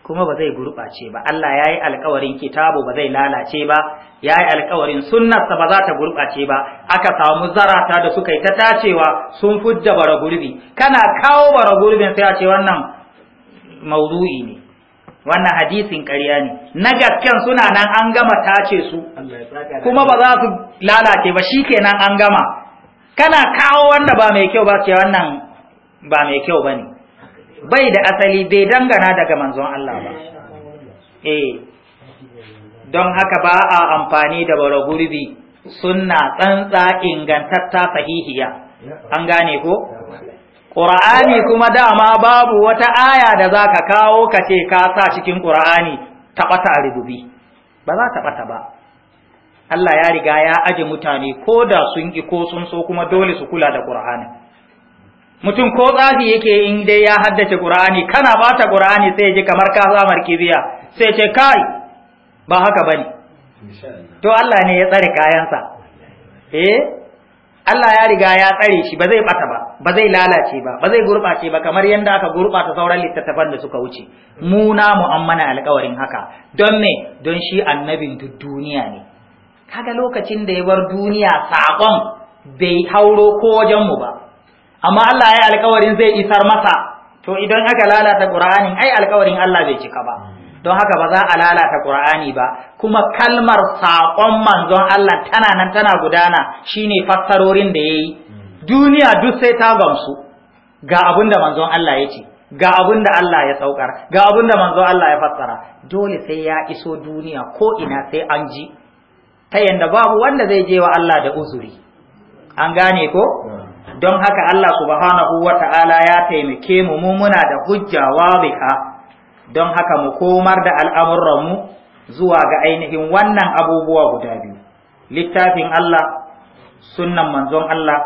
kuma ba zai gurɓace ba Allah ya yi alkawarin kitabu ba zai lalace ba ya yi alkawarin sunnarsa ba za ta gurɓace ba aka samu zarata da suka yi ta tacewa sun fudda bara gurbi kana kawo bara gurbin sai a ce wannan mauzu'i ne wannan hadisin ƙarya ne na gasken suna nan an gama tace su kuma ba za su lalace ba Shi shikenan an gama kana kawo wanda ba mai kyau ba ce wannan ba mai kyau ba ne. bai da asali bai dangana daga manzon Allah ba eh don haka ba a amfani da bara gurbi sunna tsantsa ingantatta sahihiya an gane ko ƙura'ani kuma dama babu wata aya da za ka kawo ka ce ka sa cikin ƙura'ani taɓata rububi ba za ta ɓata ba Allah ya riga ya aje mutane ko da sun ƙi ko sun so kuma dole su kula da ƙura'ani mutum ko tsafi yake in dai ya haddace ƙura'ani kana bata ƙura'ani sai ji kamar ka zamar kibiya sai ce kai ba haka bane to Allah ne ya tsare kayansa eh Allah ya riga ya tsare shi ba zai bata ba ba zai lalace ba ba zai gurbace ba kamar yadda aka gurbata sauran littattafan da suka wuce mu na mana alƙawarin haka don me don shi annabin duk duniya ne kaga lokacin da ya bar duniya saƙon bai hauro ko wajen mu ba amma Allah ya yi alƙawarin zai isar masa to idan aka lalata Qur'anin ai alƙawarin Allah bai cika ba don haka ba za a lalata Qur'ani ba kuma kalmar saƙon manzon Allah tana nan tana gudana shine fassarorin da yayi duniya duk sai ta gamsu ga abinda manzon Allah ya ce ga abunda Allah ya saukar ga abunda manzon Allah ya fassara dole sai ya iso duniya ko ina sai an ji ta yanda babu wanda zai je wa Allah da uzuri an gane ko don haka Allah subhanahu ta'ala ya taimake mu mu muna da hujja bika. don haka mu komar da al'amuranmu zuwa ga ainihin wannan abubuwa guda biyu littafin Allah sunan manzon Allah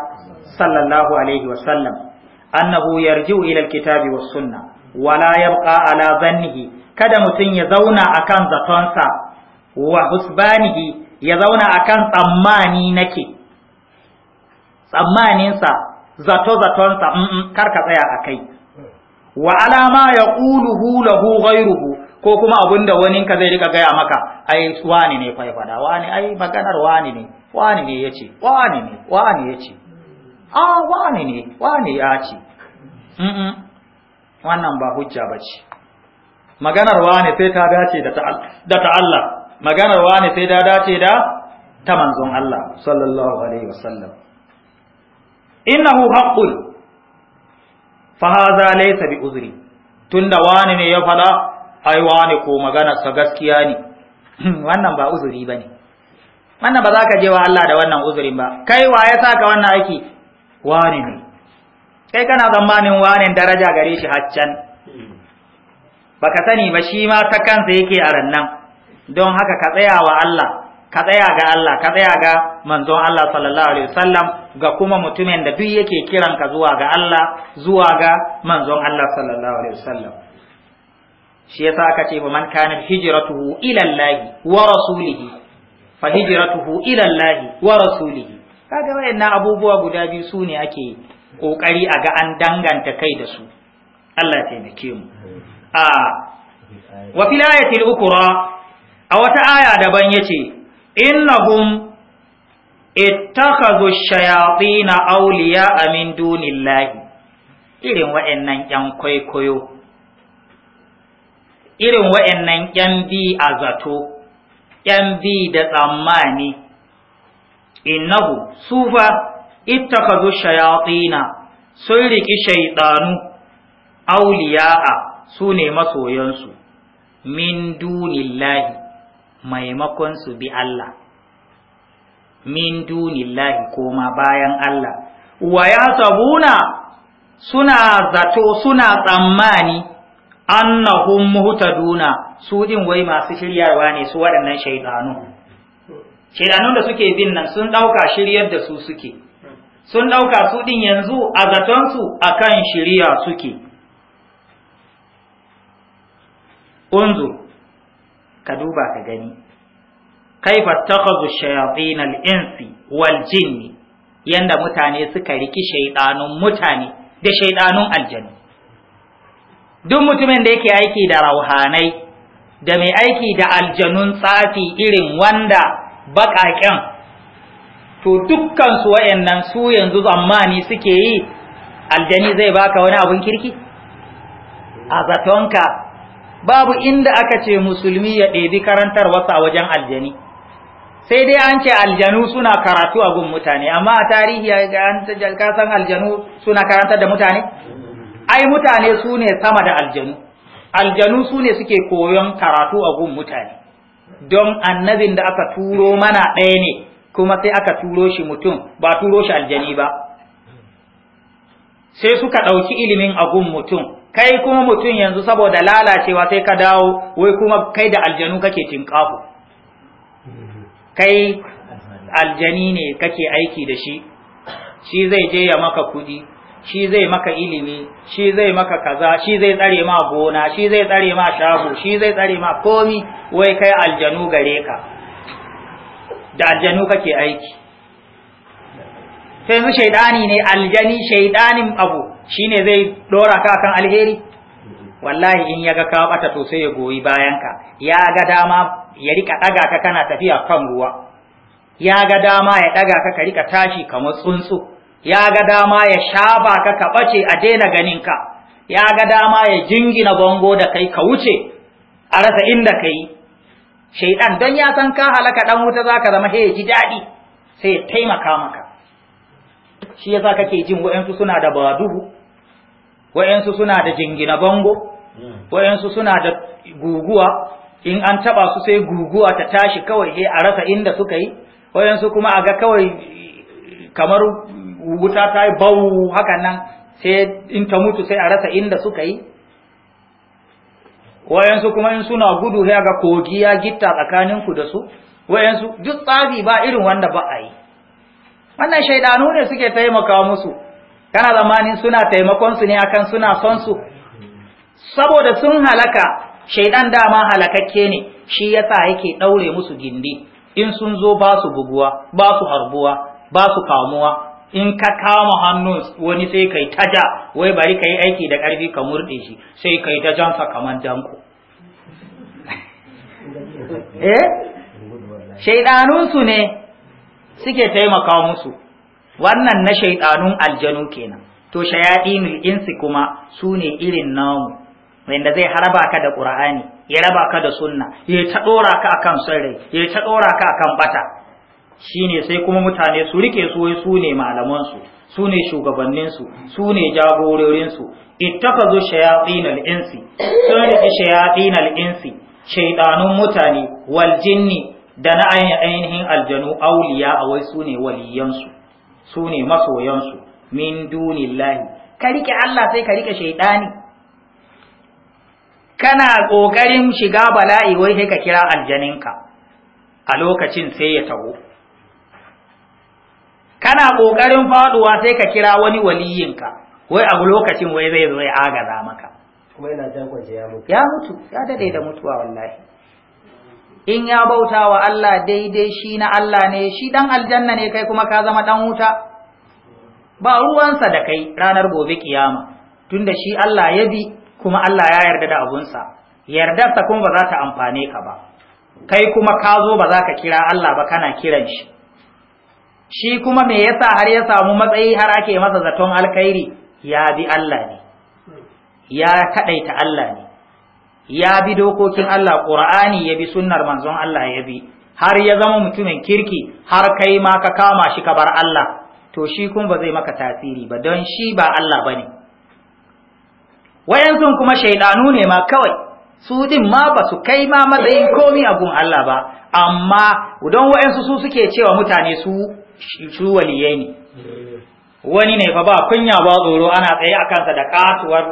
sallallahu alaihi wasallam annahu yarji'u ila kitabi wa sunna wala yabqa ala zannihi kada mutum ya zauna akan zatonsa wa husbanihi ya zauna akan tsammani nake tsammaninsa zato zatonsa kar ka tsaya a kai. wa alama ya ƙuluhu lahu ghairuhu ko kuma abin da wani ka zai rika gaya maka ai wani ne fa fada wani ai maganar wani ne wani ne yace wani ne wani yace a wani ne wani ya ce mm wannan ba hujja bace maganar wani sai ta dace da ta Allah maganar wani sai ta dace da ta manzon Allah sallallahu alaihi wasallam innahu haqqul fahaza bi uzri tunda wani ne ya fada ai wani ko magana sa gaskiya ne wannan ba uzuri bane wannan ba za ka je wa Allah da wannan uzurin ba kai wa ya saka wannan aiki wani ne kai kana zamanin wani daraja gare shi haccan baka sani ba shi ma ta kansa yake a rannan don haka ka tsaya wa Allah ka tsaya ga Allah ka tsaya ga manzon Allah sallallahu alaihi wasallam ga kuma mutumin da duk yake kiran ka zuwa ga Allah zuwa ga manzon Allah sallallahu alaihi wasallam shi yasa aka ce man kana hijratuhu ila Allah wa rasulihi fa hijratuhu ila Allah wa rasulihi kaga wayannan abubuwa guda biyu su ne ake kokari a ga an danganta kai da su Allah ya taimake mu a wa fil ukra a wata aya daban yace innahum ittakhadhu shayatin awliya min dunillahi irin wa'annan yan kwaikwayo irin wa'annan yan bi a zato yan bi da tsammani innahu sufa ittakhadhu shayatin sun riki shaytanu awliya'a su ne masoyansu min dunillahi maimakon su bi Allah min dunillahi koma bayan Allah wa yasabuna suna zato suna tsammani annahum muhtaduna su din wai masu shiryarwa ne su waɗannan shaydanu shaydanun da suke bin nan sun dauka shiryar da su suke sun dauka su din yanzu a zaton su akan shiriya suke unzu ka duba ka gani kaifa takhadhu shayatin al-insi wal jinni yanda mutane suka riki shaiɗanun mutane da shaiɗanun aljanu duk mutumin da yake aiki da rauhanai da mai aiki da aljanun tsafi irin wanda baƙaƙen to dukkan su su yanzu zamani suke yi aljani zai baka wani abun kirki a zatonka babu inda aka ce musulmi ya ɗebi karantar wasa wajen aljani sai dai an ce aljanu suna karatu a gun mutane amma a tarihi ka san aljanu suna karantar da mutane ai mutane su ne sama da aljanu aljanu su ne suke koyon karatu a gun mutane don annabin da aka turo mana ɗaya ne kuma sai aka turo shi mutum ba turo shi aljani ba sai suka ɗauki ilimin a gun mutum kai kuma mutum yanzu saboda lalacewa sai ka dawo wai kuma kai da aljanu kake tinƙafu kai aljani ne kake aiki da shi shi zai je ya maka kudi shi zai maka ilimi shi zai maka kaza shi zai tsare ma gona shi zai tsare ma shago shi zai tsare ma komi wai kai aljanu gare ka da aljanu kake aiki sai mu shaidani ne aljani shaidanin abu shine zai dora ka kan alheri wallahi in ya ga ka bata to sai ya goyi bayanka ya ga dama ya rika daga ka kana tafiya kan ruwa ya ga dama ya daga ka ka rika tashi kamar tsuntsu ya ga dama ya shaba ka ka bace a daina ganin ka ya ga dama ya jingina bango da kai ka wuce a rasa inda kai shaidan don ya san ka halaka ɗan wuta zaka zama sai ya ji dadi sai ya taimaka maka shi yasa kake jin wa'ansu suna da baduhu wa'ansu suna da jingina bango wayansu suna da guguwa in an taba su sai guguwa ta tashi kawai eh a rasa inda suka yi wayansu kuma a ga kawai kamar wuta ta yi bau hakan nan sai in ta mutu sai a rasa inda suka yi wayansu kuma in suna gudu sai ga kogi ya gitta tsakaninku da su wayansu duk tsabi ba irin wanda ba a yi wannan shaidanu ne suke taimaka musu kana zamanin suna taimakon su ne akan suna son su saboda sun halaka shaidan dama halakakke ne shi yasa yake daure musu gindi in sun zo ba su buguwa ba su harbuwa ba su kamuwa in ka kama hannu wani sai kai taja wai bari kai aiki da karfi ka murde shi sai kai ta jansa kamar danko <laughs> eh shaidanunsu ne suke taimaka musu wannan na shaidanun aljanu kenan to shayadinul insi kuma sune irin namu wanda zai haraba ka da qur'ani ya raba ka da sunna ya ta dora ka akan sirri ya ta dora ka akan bata shine sai kuma mutane su rike su wai su ne malaman su su ne shugabannin su su ne jagororin su ittakazu shayatin al-insi sun rike shayatin al-insi shaytanun mutane wal jinni da na ainihin aljanu auliya a wai su ne waliyan su ne masoyansu min dunillahi ka rike Allah sai ka rike shaytani kana ƙoƙarin shiga bala'i wai sai ka kira aljaninka a lokacin sai ya taho kana ƙoƙarin faɗuwa sai ka kira wani waliyinka wai a lokacin wai zai zo ya agaza maka kuma yana jangwaje ya mutu ya mutu ya dade da mutuwa wallahi in ya bauta wa Allah daidai shi na Allah ne shi dan aljanna ne kai kuma ka zama dan wuta ba ruwansa da kai ranar gobe kiyama tunda shi Allah ya bi kuma Allah ya yarda da abunsa yardarsa kuma ba za ta amfane ka ba kai kuma ka zo ba za ka kira Allah ba kana kiran shi shi kuma me yasa har ya samu matsayi har ake masa zaton alkhairi ya bi Allah ne ya kadaita Allah ne ya bi dokokin Allah Qur'ani ya bi sunnar manzon Allah ya bi har ya zama mutumin kirki har kai ma ka kama shi ka bar Allah to shi kuma ba zai maka tasiri ba don shi ba Allah bane wayansu kuma shaidanu ne ma kawai su din ma ba su kai ma matsayin komi a gun Allah ba amma don wayansu su suke cewa mutane su su waliyai ne wani ne fa ba kunya ba tsoro ana tsaye a kansa da katuwar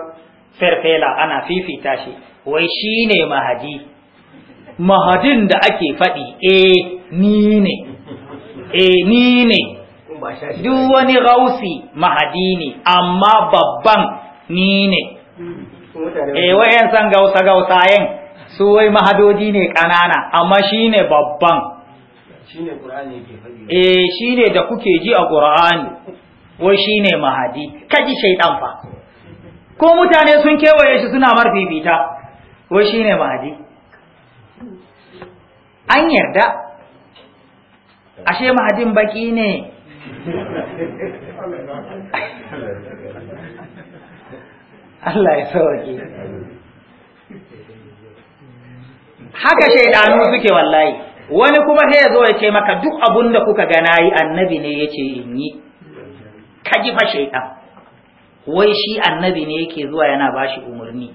ferfela ana fifita shi wai shi ne mahadi mahadin da ake faɗi e ni ne eh ni ne duk wani gausi mahadi ne amma babban ni ne eh wayan san gausa gausayen su wai mahadoji ne kanana amma shine babban shine qur'ani ke fadi eh shine da kuke ji a qur'ani wai shine mahadi kaji shaytan fa ko mutane sun kewaye shi suna marfifita wai shine mahadi an yarda ashe mahadin baki ne <laughs> Allah ya sauke haka shaidanu suke wallahi wani kuma sai ya zo ya ce maka duk abun da kuka ga yi annabi ne yace in yi ka ji fa shaidan wai shi annabi ne yake zuwa yana bashi umarni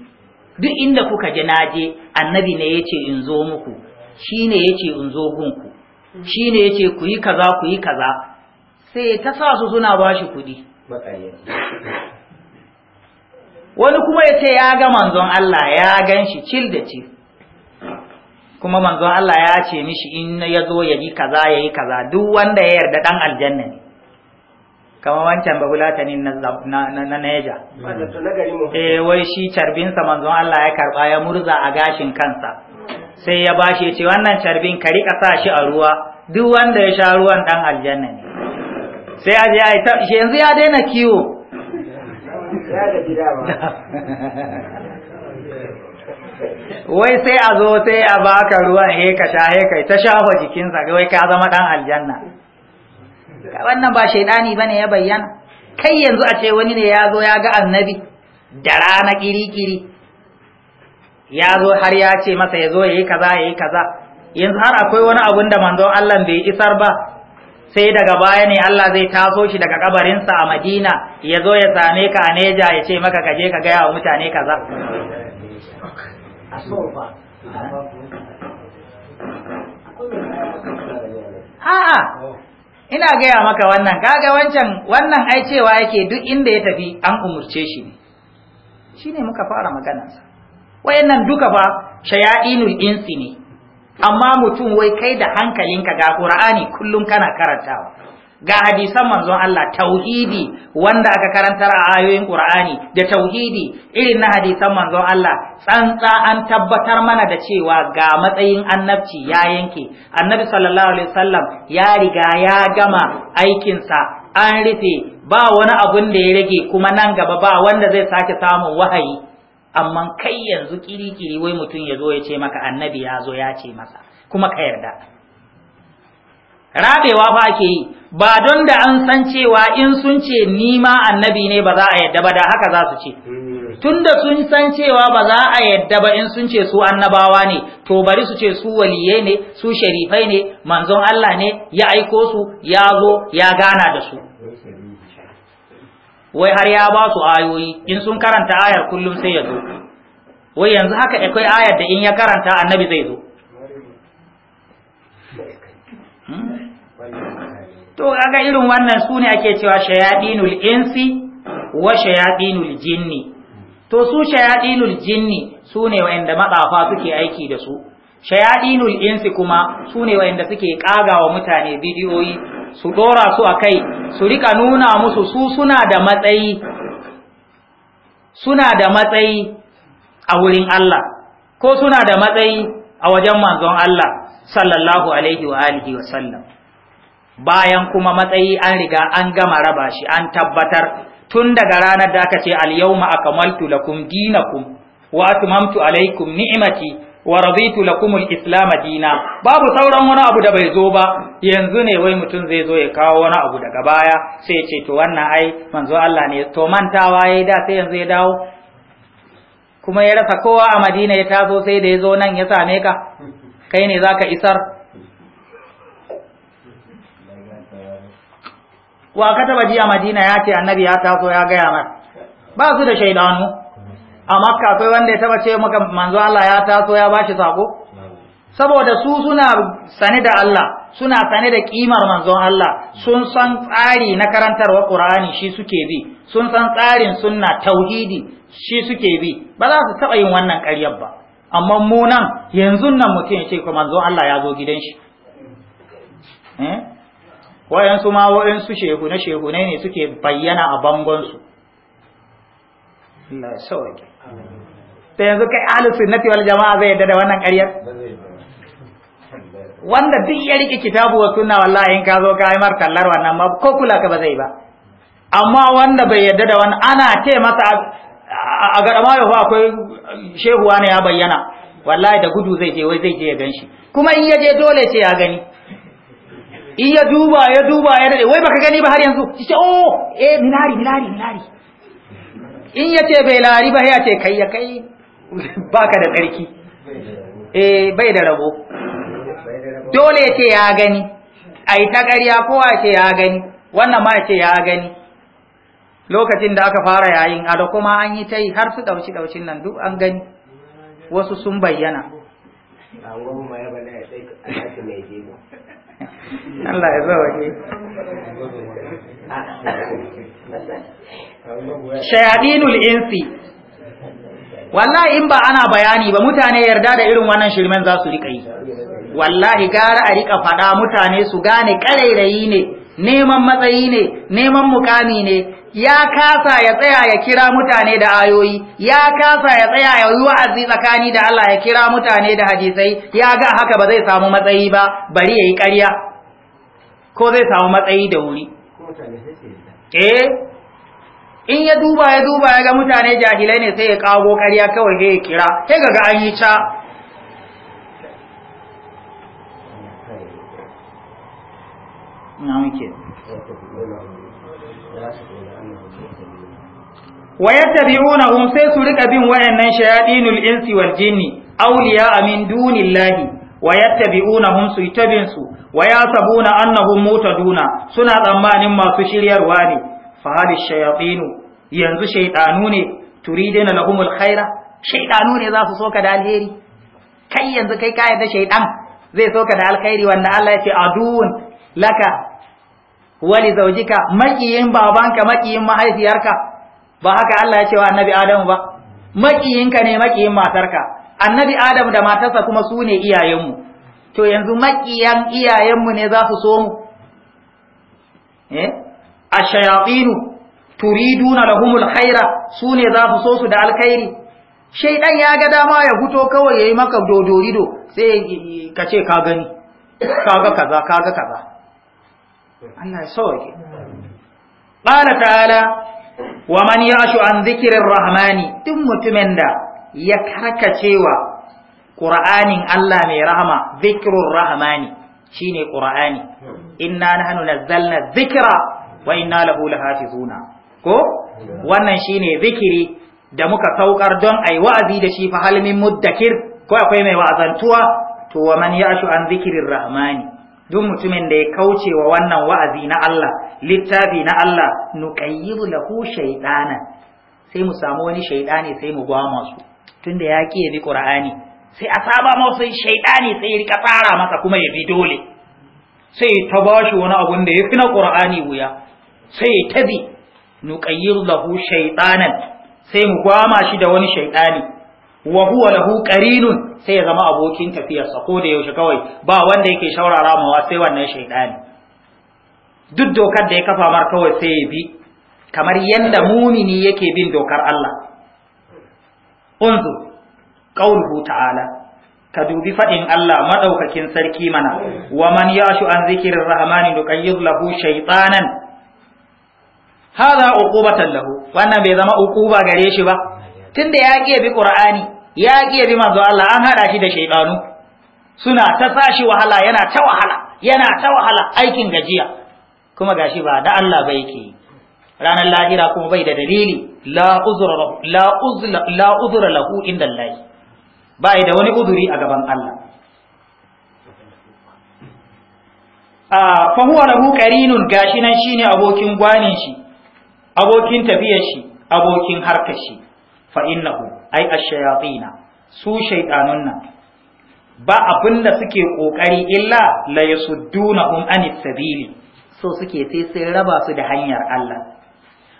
duk inda kuka ji naje annabi ne yace in zo muku shi ya yace in zo gunku ya yace ku yi kaza ku yi kaza sai ta sa su suna bashi kuɗi wani kuma ya ce ya ga manzon Allah ya gan shi cil da cil kuma manzon Allah ya ce mishi in ya zo ya yi kaza ya yi kaza duk wanda ya yarda dan aljanna ne kama wancan ba ne na neja E, wai shi carbinsa manzon Allah ya karba ya murza a gashin kansa sai ya bashi ya ce wannan carbin ka rika sa shi a ruwa duk wanda ya sha ruwan dan aljanna ne sai a je yanzu ya daina kiwo <laughs> wai sai a zo sai a baka ruwan he ka sha he kai ta shafa jikinsa wai ka zama dan aljanna wannan ba shaidani bane ya bayyana kai yanzu a ce wani ne ya zo ya ga annabi da rana kirikiri ya zo har ya ce masa ya zo ya yi kaza ya yi kaza yanzu har akwai wani abun da manzon Allah bai isar ba sai daga baya ne Allah zai taso shi daga kabarinsa a Madina ya zo ya same ka a Neja ya ce maka kaje ka gaya wa mutane kaza a'a ina gaya maka wannan kaga wancan wannan ai cewa yake duk inda ya tafi an umurce shi ne shine muka fara maganarsa wayannan duka fa shayainul insi ne amma mutum wai kai da hankalinka ga Qur'ani kullum kana karantawa ga hadisan manzon Allah tauhidi wanda aka karantar a ayoyin Qur'ani da tauhidi irin na hadisan manzon Allah tsantsa an tabbatar mana da cewa ga matsayin annabci ya yanke annabi sallallahu alaihi wasallam ya riga ya gama aikinsa an rufe ba wani abun da ya rage kuma nan gaba ba wanda zai sake samun wahayi amma kai yanzu kiri-kiri wai mutum ya zo ya ce maka annabi ya zo ya ce masa kuma ka yarda rabewa fa ke yi ba don da an san cewa in sun ce ni ma annabi ne ba za a yarda ba da haka za su ce tunda sun san cewa ba za a yarda ba in sun ce su annabawa ne to bari su ce su waliyai ne su sharifai ne manzon Allah ne ya aiko su ya zo ya gana da su wai har ya ba su ayoyi in sun karanta ayar kullum sai ya zo wai yanzu haka akwai ayar da in ya karanta annabi zai zo to kaga irin wannan su ne ake cewa shayadinul insi wa shayadinul jinni to su shayadinul jinni su ne wa'anda matsafa suke aiki da su shayadinul insi kuma sune ne wa'anda suke kagawa mutane bidiyoyi su ɗora su a kai su rika nuna musu su suna da matsayi suna da matsayi a wurin Allah ko suna da matsayi a wajen manzon Allah sallallahu alaihi wa alihi wa sallam bayan kuma matsayi an riga an gama raba shi an tabbatar tun daga ranar da aka ce al yawma akmaltu lakum dinakum wa atmamtu alaikum ni'mati wa raditu lakumul islam dina babu sauran wani abu da bai zo ba yanzu ne wai mutum zai zo ya kawo wani abu daga baya sai ya ce to wannan ai manzo Allah ne to mantawa yayi da sai yanzu ya dawo kuma ya rasa kowa a Madina ya taso sai da ya zo nan ya same ka kai ne zaka isar wa ka taba ji a Madina ya ce annabi ya taso ya gaya mar ba su da shaidanu a makka akwai wanda ya taba ce maka manzo Allah ya taso ya bashi sako saboda su suna sane da Allah suna sane da kimar manzon Allah sun san tsari na karantarwa Qur'ani shi suke bi sun san tsarin sunna tauhidi shi suke bi ba za su taba yin wannan ƙaryar ba amma mu nan yanzu nan mutum ya ce ko manzon Allah ya zo gidan shi eh su ma su shehu na shehu ne suke bayyana a bangon su Allah ya sauke ta yanzu kai ahlus sunnati wal jama'a zai yadda da wannan ƙaryar wanda duk ya rike kitabu wa sunna wallahi in ka zo ka yi mar kallar wannan ma ko kula ka ba zai ba amma wanda bai yadda da wannan ana ce masa a gadama ya fa akwai shehuwa ne ya bayyana wallahi da gudu zai je wai zai je ya ganshi kuma in ya je dole sai ya gani in ya duba ya duba ya dade wai baka gani ba har yanzu ki ce oh eh minari minari minari in ya ce bai lari ba ya ce kai ya kai <laughs> baka da tsarki eh bai da rabo dole ya ce ya gani a yi ta ƙarya kowa ce ya gani wannan ma ce ya gani lokacin da aka fara yayin ado kuma an yi ta har su ɗauci ɗaucin nan duk an gani wasu sun bayyana <laughs> Allah ya ke. <laughs> shayadinul insi wallahi in ba ana bayani ba mutane yarda da irin wannan shirmen za su rika yi wallahi gara a rika faɗa mutane su gane ƙarairayi ne neman matsayi ne neman mukami ne ya kasa ya tsaya ya kira mutane da ayoyi ya kasa ya tsaya ya yi wa'azi tsakani da Allah ya kira mutane da hadisai ya ga haka ba zai samu matsayi ba bari ya yi ƙarya ko zai samu matsayi da wuri eh in ya duba ya duba ya ga mutane jahilai ne sai ya kago ƙarya kawai sai ya kira sai ga an yi ca na muke na sai su rika bin wayannan shayaɗinul insi wal jinni awliya min dunillahi wa yattabi'unahum su tabin su wa yasabuna mota juna suna tsammanin masu shiryarwa ne fa hadi shayatinu yanzu shaydanu ne turidina lahumul khaira shaydanu ne za su soka da alheri kai yanzu kai ka yarda shaydan zai soka da alkhairi wanda Allah ya ce aduun laka wali zaujika makiyin babanka makiyin mahaifiyarka ba haka Allah ya ce wa annabi Adamu ba makiyinka ne makiyin matarka annabi adam da matarsa kuma su ne iyayenmu to yanzu maƙiyan iyayenmu ne za su so mu eh? a shayaɓinu turiduna lahumul khaira su ne za su so su da alkhairi shaidan ya ga dama ya fito kawai ya yi maka dodorido sai ka ce ka gani kaga kaza kaga kaza Allah ya sauke qala ta'ala wa man ya'shu an dhikrir rahmani duk mutumin ya karkacewa Qur'anin Allah mai rahama zikrur rahmani shine Qur'ani hmm. inna nahnu nazzalna zikira, wa inna lahu lahafizuna ko hmm. wannan shine zikiri da muka saukar don yi wa'azi da shi fa halmin muddakir ko akwai mai wa'azantuwa to wa man ya'shu an zikrir rahmani duk mutumin da ya kauce wa wannan wa'azi na Allah littafi na Allah nuqayyibu lahu shaytana sai mu samu wani shaytani sai mu gwama su tunda ya ki ya bi qur'ani sai a saba masa shaytani sai ya rika tsara masa kuma ya bi dole sai ta bashi wani abun da ya fi na qur'ani wuya sai ta bi nuqayyir lahu shaytanan sai mu kwama shi da wani shaytani wa huwa lahu qarinun sai ya zama abokin tafiyarsa ko da yaushe kawai ba wanda yake shaurara mawa sai wannan shaytani duk dokar da ya kafa mar kawai sai ya bi kamar yanda mumini yake bin dokar Allah unzu qawluhu ta'ala ka dubi faɗin Allah madaukakin sarki mana wa man yashu an zikrir rahmani nuqayyid lahu shaytanan hada uqubatan lahu wannan bai zama uquba gare shi ba tunda ya kiyaye bi qur'ani ya kiyaye bi manzo Allah an hada shi da shaytanu suna ta sashi wahala yana ta wahala yana ta wahala aikin gajiya kuma gashi ba da Allah ba yake ranar lahira kuma bai da dalili la uzura lahu inda Allah ba yi da wani uzuri a gaban Allah fahuwa lahu karinun gashi nan shine abokin gwani shi abokin tafiyar shi abokin harkar shi fa innahu ai ash su shaytanun nan ba abinda suke ƙoƙari illa la yasuddunahum anis sabili so suke sai sai raba su da hanyar Allah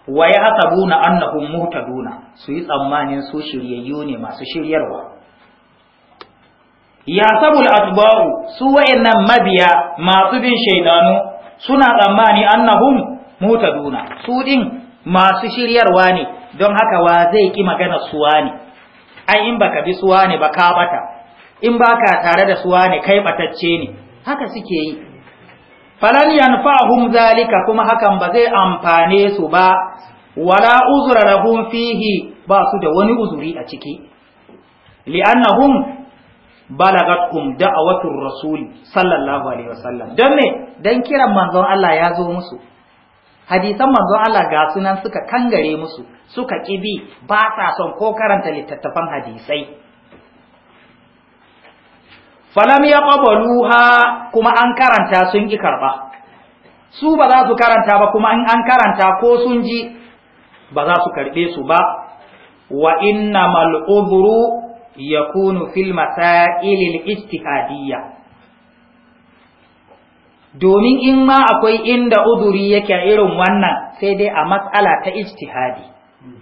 wa ya hasabuna annahum muhtaduna su yi tsammanin su shiryayyu ne masu shiryarwa ya sabul atba'u su wayannan mabiya masu bin shaidanu suna tsammani annahum muhtaduna su din masu shiryarwa ne don haka wa zai ki magana suwa ne ai in baka bi suwa ne ba bata in baka tare da suwa ne kai batacce ne haka suke yi falan yanfa'uhum zalika kuma hakan ba zai amfane su ba wala uzra lahum fihi ba su da wani uzuri a ciki li'annahum balagatkum da'awatur rasul sallallahu alaihi wasallam dan me dan kiran manzon Allah ya zo musu hadisan manzon Allah ga sunan suka kangare musu suka kibi ba sa son ko karanta littattafan hadisai falam ya qabaluha kuma an karanta sun ki karba su ba za su karanta ba kuma in an karanta ko sun ji ba za su karbe su ba wa innamal udhru yakunu fil masailil ijtihadiyya domin in ma akwai inda uduri yake irin wannan sai dai a matsala ta ijtihadi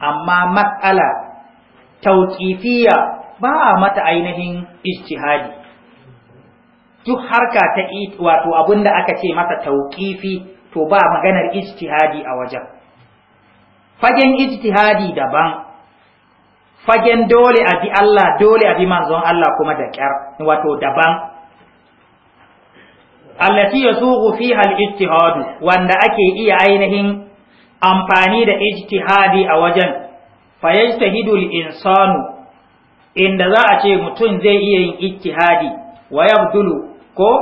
amma matsala tauqifiyya ba a mata ainihin ijtihadi duk harka ta wato abinda aka ce masa tauqifi to ba maganar ijtihadi a wajen fagen ijtihadi daban fagen dole a bi Allah dole a bi manzon Allah kuma da kyar wato daban allati yasuqu fiha al-ijtihad wanda ake iya ainihin amfani da ijtihadi a wajen fayajtahidu al-insanu inda za a ce mutum zai iya yin ijtihadi wa yabdulu ko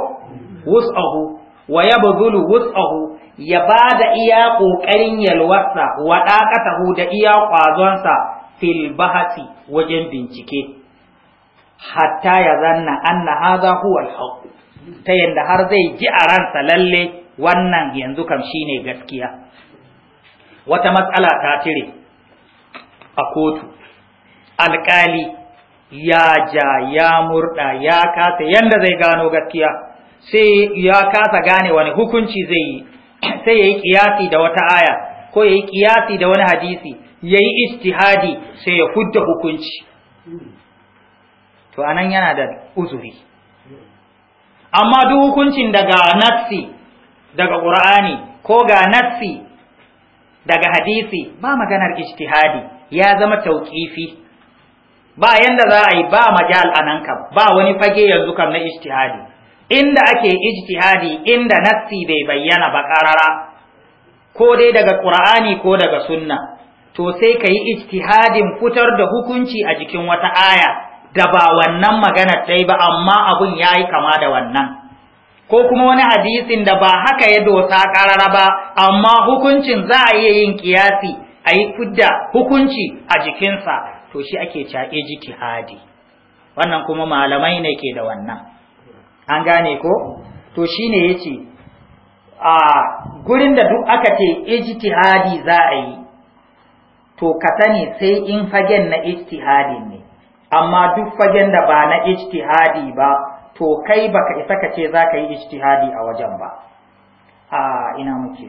wus'ahu wa yabdhulu wus'ahu ya bada iya kokarin yalwarsa wa daqatahu da iya kwazonsa fil bahati wajen bincike hatta ya zanna anna hadha huwa al-haqq ta yanda har zai ji a ransa lalle wannan yanzu kam shine gaskiya wata matsala ta tire a kotu alƙali ya ja ya murda ya kasa yanda zai gano gaskiya sai ya kasa gane wani hukunci zai yi <clears throat> sai yayi kiyasi da wata aya ko yayi kiyasi da wani hadisi yayi istihadi sai ya hudda hukunci to anan yana da uzuri amma duk hukuncin daga nassi daga qur'ani ko ga nassi daga hadisi ba maganar istihadi ya zama tauqifi ba yanda za a yi ba majal anan kam ba wani fage yanzu kam na ijtihadi inda ake ijtihadi inda nassi bai bayyana ba karara ko dai daga qur'ani ko daga sunna to sai ka yi ijtihadin fitar da hukunci a jikin wata aya da ba wannan magana dai ba amma abun yayi kama da wannan ko kuma wani hadisin da ba haka ya dosa karara ba amma hukuncin za a iya yin kiyasi a yi fidda hukunci a jikinsa to shi ake ca ijtihadi wannan kuma malamai ne ke da wannan an gane ko to shine yace a gurin da duk aka ce ijtihadi za a yi to ka sani sai in fagen na ijtihadi ne amma duk fagen da ba na ijtihadi ba to kai baka isa ka ce za ka yi ijtihadi a wajen ba a ina muke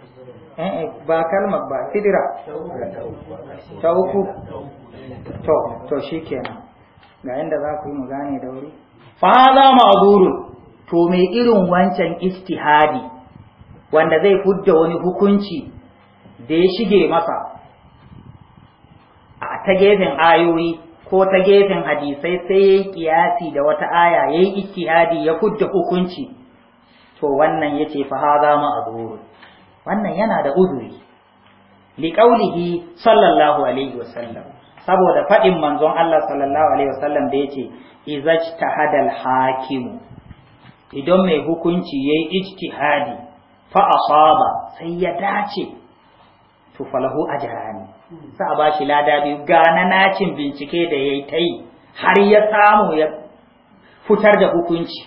ba kalma ba sidira ta uku to to shikenan ga inda za ku yi mu gane da wuri ma'zurun to me irin wancan istihadi wanda zai fudda wani hukunci da ya shige masa a ta gefen ayoyi ko ta gefen hadisai sai ya yi kiyasi da wata aya ya yi istihadi ya fudda hukunci to wannan ya ce fa haza ma'zurun wannan yana da uzuri qaulihi sallallahu alaihi wasallam saboda faɗin manzon Allah sallallahu alaihi wasallam da yace izajtahadal hakim idan mai hukunci yayi ijtihadi fa asaba sai ya dace to falahu ajrani sai a bashi lada biyu ga na nacin bincike da yayi tai har ya samu ya fitar da hukunci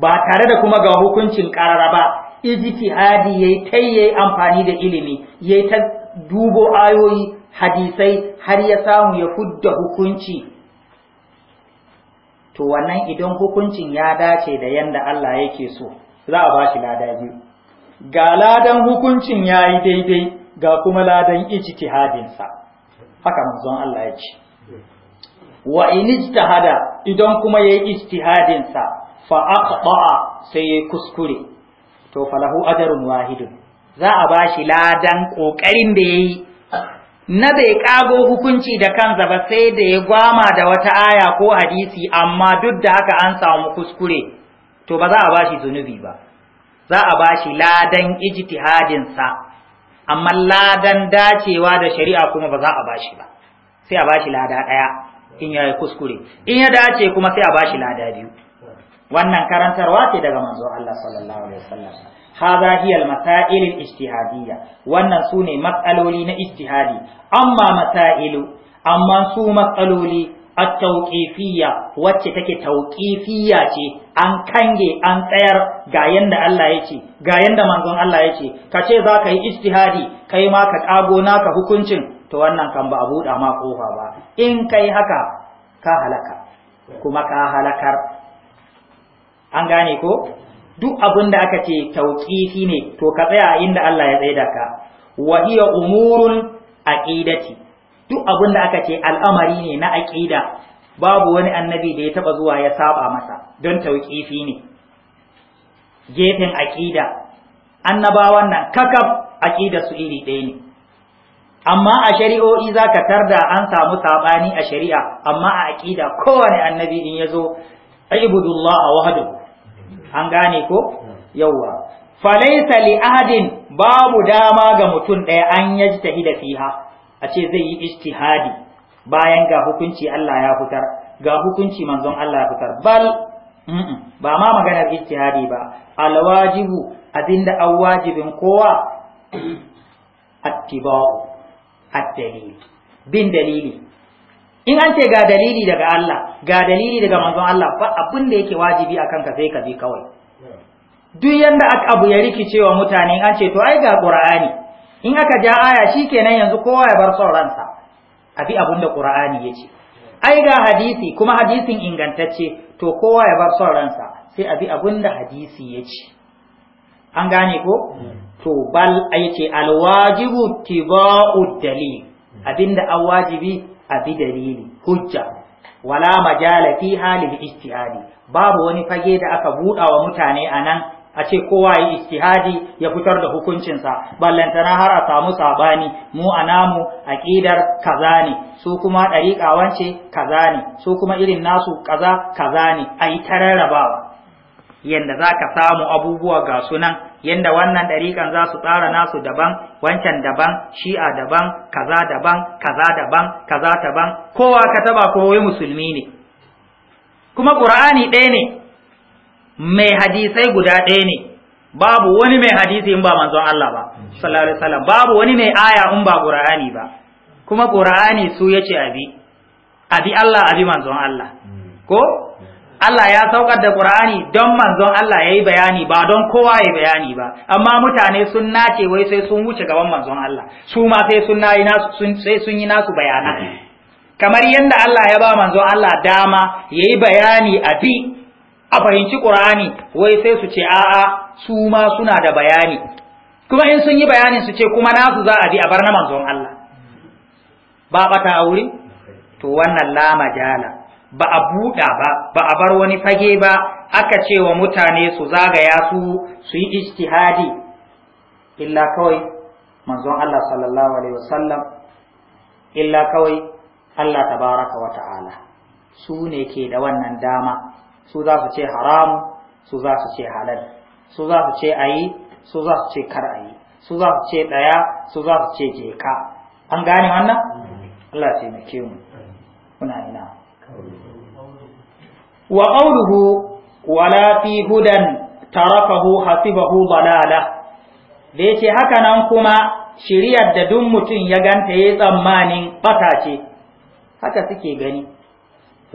ba tare da kuma ga hukuncin karara ba ijtihadi yayi tai yayi amfani da ilimi yayi ta dubo ayoyi hadisai har ya samu ya fudda hukunci to wannan idan hukuncin ya dace da yanda Allah yake so za a bashi lada biyu ga ladan hukuncin yayi daidai ga kuma ladan ijtihadin sa haka manzon Allah ya ce wa in ijtahada idan kuma yayi ijtihadin sa fa aqta sai kuskure to falahu ajarun wahidun za a ba shi ladan ƙoƙarin da ya yi na bai ƙago hukunci da kansa ba sai da ya gwama da wata aya ko hadisi amma duk da haka an samu kuskure to ba za a ba shi zunubi ba za a ba shi ladan ijtihadinsa amma ladan dacewa da shari'a kuma ba za a ba shi ba sai a ba shi lada ɗaya in ya kuskure in ya dace kuma sai a ba shi lada biyu wannan karantarwa ce daga manzo Allah sallallahu alaihi wasallam hada hiya masail wannan sune matsaloli na ijtihadi amma masailu amma su matsaloli at-tawqifiyya wacce take tawqifiyya ce an kange an tsayar ga yanda Allah ya ce ga yanda manzon Allah ya ce ka ce za ka yi ijtihadi kai ma ka kago naka hukuncin to wannan kan ba a buɗa ma kofa ba in kai haka ka halaka kuma ka halakar an gane ko duk abin da aka ce tauqifi ne to ka tsaya inda Allah ya tsaida ka wa hiya umurun aqidati duk abin da aka ce al'amari ne na aqida babu wani annabi da ya taba zuwa ya saba masa don tauqifi ne gefen aqida annabawan nan kakab aqidar su iri ɗaya ne amma a shari'o'i za ka tarda an samu saɓani a shari'a amma a aƙida kowane annabi in ya zo wahdahu an gane ko hmm. yawwa falaisa li ahadin babu dama ga mutum ɗaya an yajtahida fiha a ce zai yi ijtihadi bayan ga hukunci Allah ya fitar ga hukunci manzon Allah ya fitar bal ba ma maganar ijtihadi ba alwajibu abinda an wajibin kowa <coughs> attiba'u at dalili, bin dalili in an ce ga dalili daga Allah ga dalili daga manzon Allah ba abin da yake wajibi akan ka sai ka bi kawai duk yanda abu ya rikicewa mutane an ce to ai ga qur'ani in aka ja aya shikenan yanzu kowa ya bar son ransa abi abin da qur'ani yace ai ga hadisi kuma hadisin ingantacce to kowa ya bar son ransa sai abi abin da hadisi yace an gane ko to bal al alwajibu tiba'u dalil abinda awajibi abi dalili hujja wala majala fi halil ijtihadi babu wani fage da aka buɗa wa mutane anan a ce kowa yi ijtihadi ya fitar da hukuncinsa ballantana har a samu sabani mu a namu aqidar kaza ne su kuma dariƙa wance kaza ne su kuma irin nasu kaza kaza ne ayi yadda yanda zaka samu abubuwa ga sunan yanda wannan ɗariƙan za su tsara nasu daban wancan daban shi'a daban kaza daban kaza daban kaza daban kowa ka taba kowai musulmi ne kuma ƙur'ani ɗaya ne mai hadisai guda ɗaya ne babu wani mai hadisi in ba manzon Allah ba sallallahu alaihi wasallam babu wani mai aya in ba ƙur'ani ba kuma ƙur'ani su yace abi abi Allah abi manzon Allah hmm. ko Allah ya saukar da Qur'ani don manzon Allah ya yi bayani ba don kowa yi bayani ba amma mutane sun nace wai sai sun wuce gaban manzon Allah su ma sai sun nasu yi nasu bayana kamar yadda Allah ya ba manzon Allah dama ya yi bayani a bi a fahimci Qur'ani wai sai su ce a'a su ma suna da bayani kuma in sun yi bayani su ce kuma nasu za a bi a bar na manzon Allah ba bata a wuri to wannan la majala ba a buɗa ba ba a bar wani fage ba aka ce wa mutane su zagaya su su yi ijtihadi illa kawai manzon Allah sallallahu alaihi wasallam illa kawai Allah tabaraka wa ta'ala su ne ke da wannan dama su za su ce haramu su za su ce halal su za su ce ayi su za su ce kar ayi su za su ce ɗaya su za su ce jeka an gane wannan Allah ya taimake mu kuna ina wa qawluhu wala fi hudan tarafahu hasibahu dalala da yace haka nan kuma shiriyar da duk mutum ya ganta yayi tsammanin bata ce haka suke gani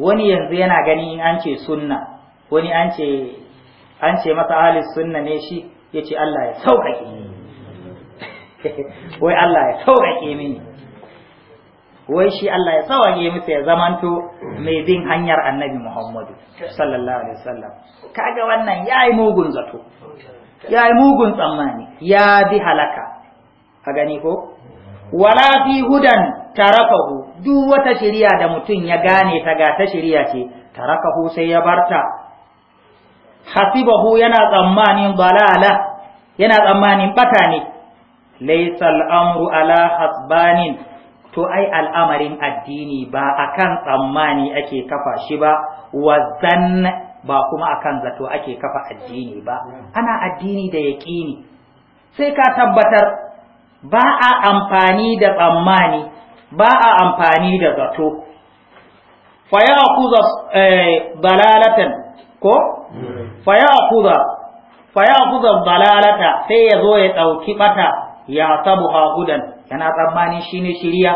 wani yanzu yana gani an ce sunna wani an ce an ce masa ahli sunna ne shi yace Allah ya ni. <laughs> wai Allah ya sauƙaƙe mini wai shi Allah ya tsawage masa ya zamanto mai bin hanyar annabi Muhammadu sallallahu alaihi wasallam kaga wannan yayi mugun zato yayi mugun tsammani ya bi halaka a gani ko wala fi hudan tarafahu duk wata shiriya da mutum ya gane ta ga ta shiriya ce tarafahu sai ya barta hasibahu yana tsammanin balala yana tsammanin bata ne laysal amru ala hasbanin to ai al'amarin addini ba akan tsammani ake kafa shi ba wa zan ba kuma akan zato ake kafa addini ba ana addini da yaƙini sai ka tabbatar ba a amfani da tsammani ba a amfani da zato fa ya akuza eh, dalalatan ko fa ya fa dalalata sai ya zo ya ɗauki ɓata ya sabu hudan kana tsammanin shi ne shiriya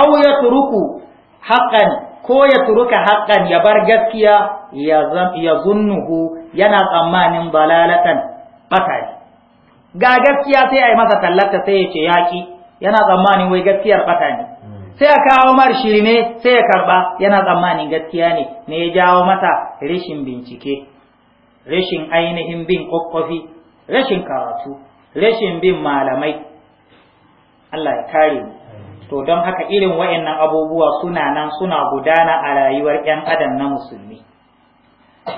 aw turuku haqqan ko ya turuka haqqan ya bar gaskiya ya zunnuhu yana tsammanin balalatan bata ga gaskiya sai ai masa tallata sai ya ce yaki yana tsammanin wai gaskiyar bata sai a kawo mar shirme sai ya karba yana tsammanin gaskiya ne ne ya jawo masa rashin bincike rashin ainihin bin kokkofi rashin karatu rashin bin malamai Allah ya kare mu to don haka irin wayannan abubuwa suna nan suna gudana a rayuwar 'yan adam na musulmi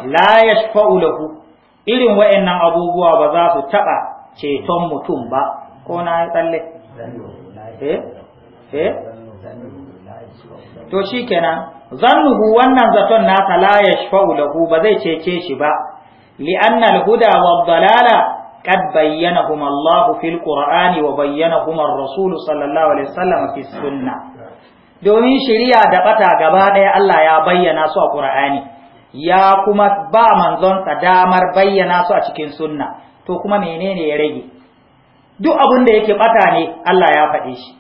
la yashfa'u lahu irin wayannan abubuwa ba za su taba ceton mutum ba ko na tsalle eh eh to kenan zannuhu wannan zaton nasa la yashfa'u lahu ba zai cece shi ba li'anna al-huda wa dalala قد بينهما الله في القرآن وبينهما الرسول صلى الله عليه وسلم في السنة domin shirya da bata gaba ɗaya Allah ya bayyana su a Qur'ani ya kuma ba manzon sa damar bayyana su a cikin sunna to kuma menene ya rage duk abin da yake bata ne Allah ya faɗe shi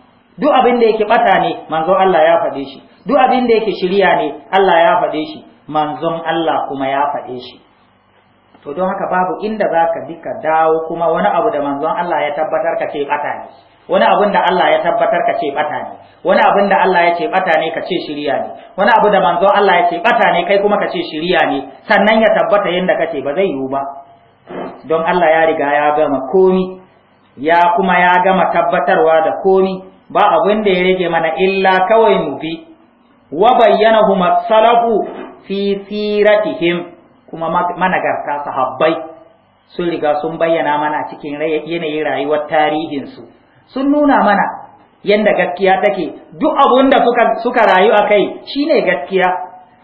duk abin da yake bata ne manzon Allah ya faɗe shi duk abin da yake shiriya ne Allah ya faɗe shi manzon Allah kuma ya faɗe shi to don haka babu inda za ka bi ka dawo kuma wani abu da manzon Allah ya tabbatar ka ce bata ne wani abun da Allah ya tabbatar ka ce bata ne wani abun da Allah ya ce bata ne ka ce shiriya ne wani abu da manzon Allah ya ce bata ne kai kuma ka ce shiriya ne sannan ya tabbata yanda kace ba zai yiwu ba don Allah ya riga ya gama komi ya kuma ya gama tabbatarwa da komi ba abin da ya rage mana illa kawai mu bi wa bayyana masalafu fi siratihim kuma managarta sahabbai sun riga sun bayyana mana cikin yanayin rayuwar tarihinsu sun nuna mana yadda gaskiya take duk abun da suka, suka rayu a kai shine gaskiya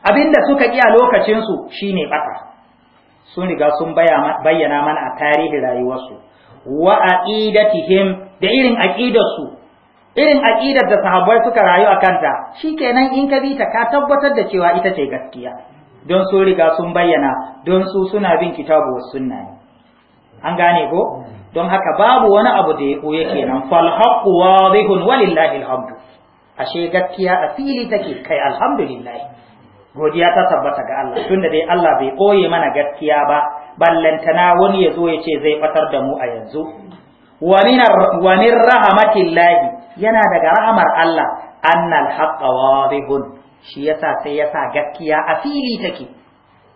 abinda suka ƙi a lokacinsu shine ɓaka. sun riga sun bayyana mana a tarihin rayuwarsu wa aqidatihim da irin aqidarsu irin aqidar da sahabbai suka rayu a kanta shikenan in ka bi ta ka tabbatar da cewa ita ce gaskiya don su riga sun bayyana don su suna bin kitabu wa sunna ne an gane ko don haka babu wani abu da ya koye kenan fal haqqu wadihun walillahi alhamdu ashe gaskiya a fili take kai alhamdulillah godiya ta tabbata ga Allah tunda dai Allah bai koye mana gaskiya ba ballantana wani yazo ya ce zai fatar da mu a yanzu wa min rahmatillahi yana daga rahamar Allah annal haqqa wadihun shi yasa sai yasa gaskiya a fili take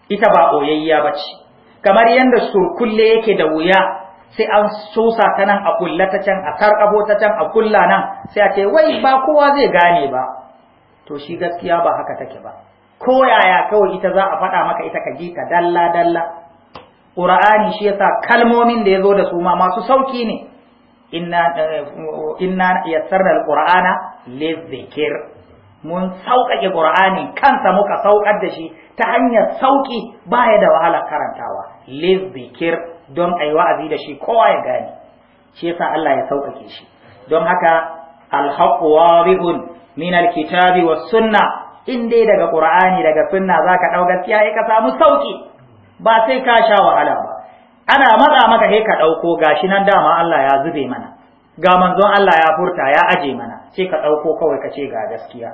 ita ba oyayya ce. kamar yanda surkulle yake da wuya sai an sosa ta nan a kulla ta can a karkabo ta can a kulla nan sai a ce wai ba kowa zai gane ba to shi gaskiya ba haka take ba ko yaya kawai ita za a faɗa maka ita ka ji ka dalla dalla qur'ani shi yasa kalmomin da yazo da su ma masu sauki ne inna eh, inna yassarna alqur'ana lizikr mun sauƙaƙe ƙur'ani kansa muka sauƙar da shi ta hanyar sauƙi baya da wahalar karantawa bikir don a yi wa'azi da shi kowa ya gane shi yasa Allah ya sauƙaƙe shi don haka alhaqu wadihun min alkitabi was sunna in dai daga ƙur'ani daga sunna zaka ɗau gaskiya ai ka samu sauƙi ba sai ka sha wahala ba ana matsa maka he ka ɗauko gashi nan dama Allah ya zube mana ga manzon Allah ya furta ya aje mana sai ka ɗauko kawai ka ce ga gaskiya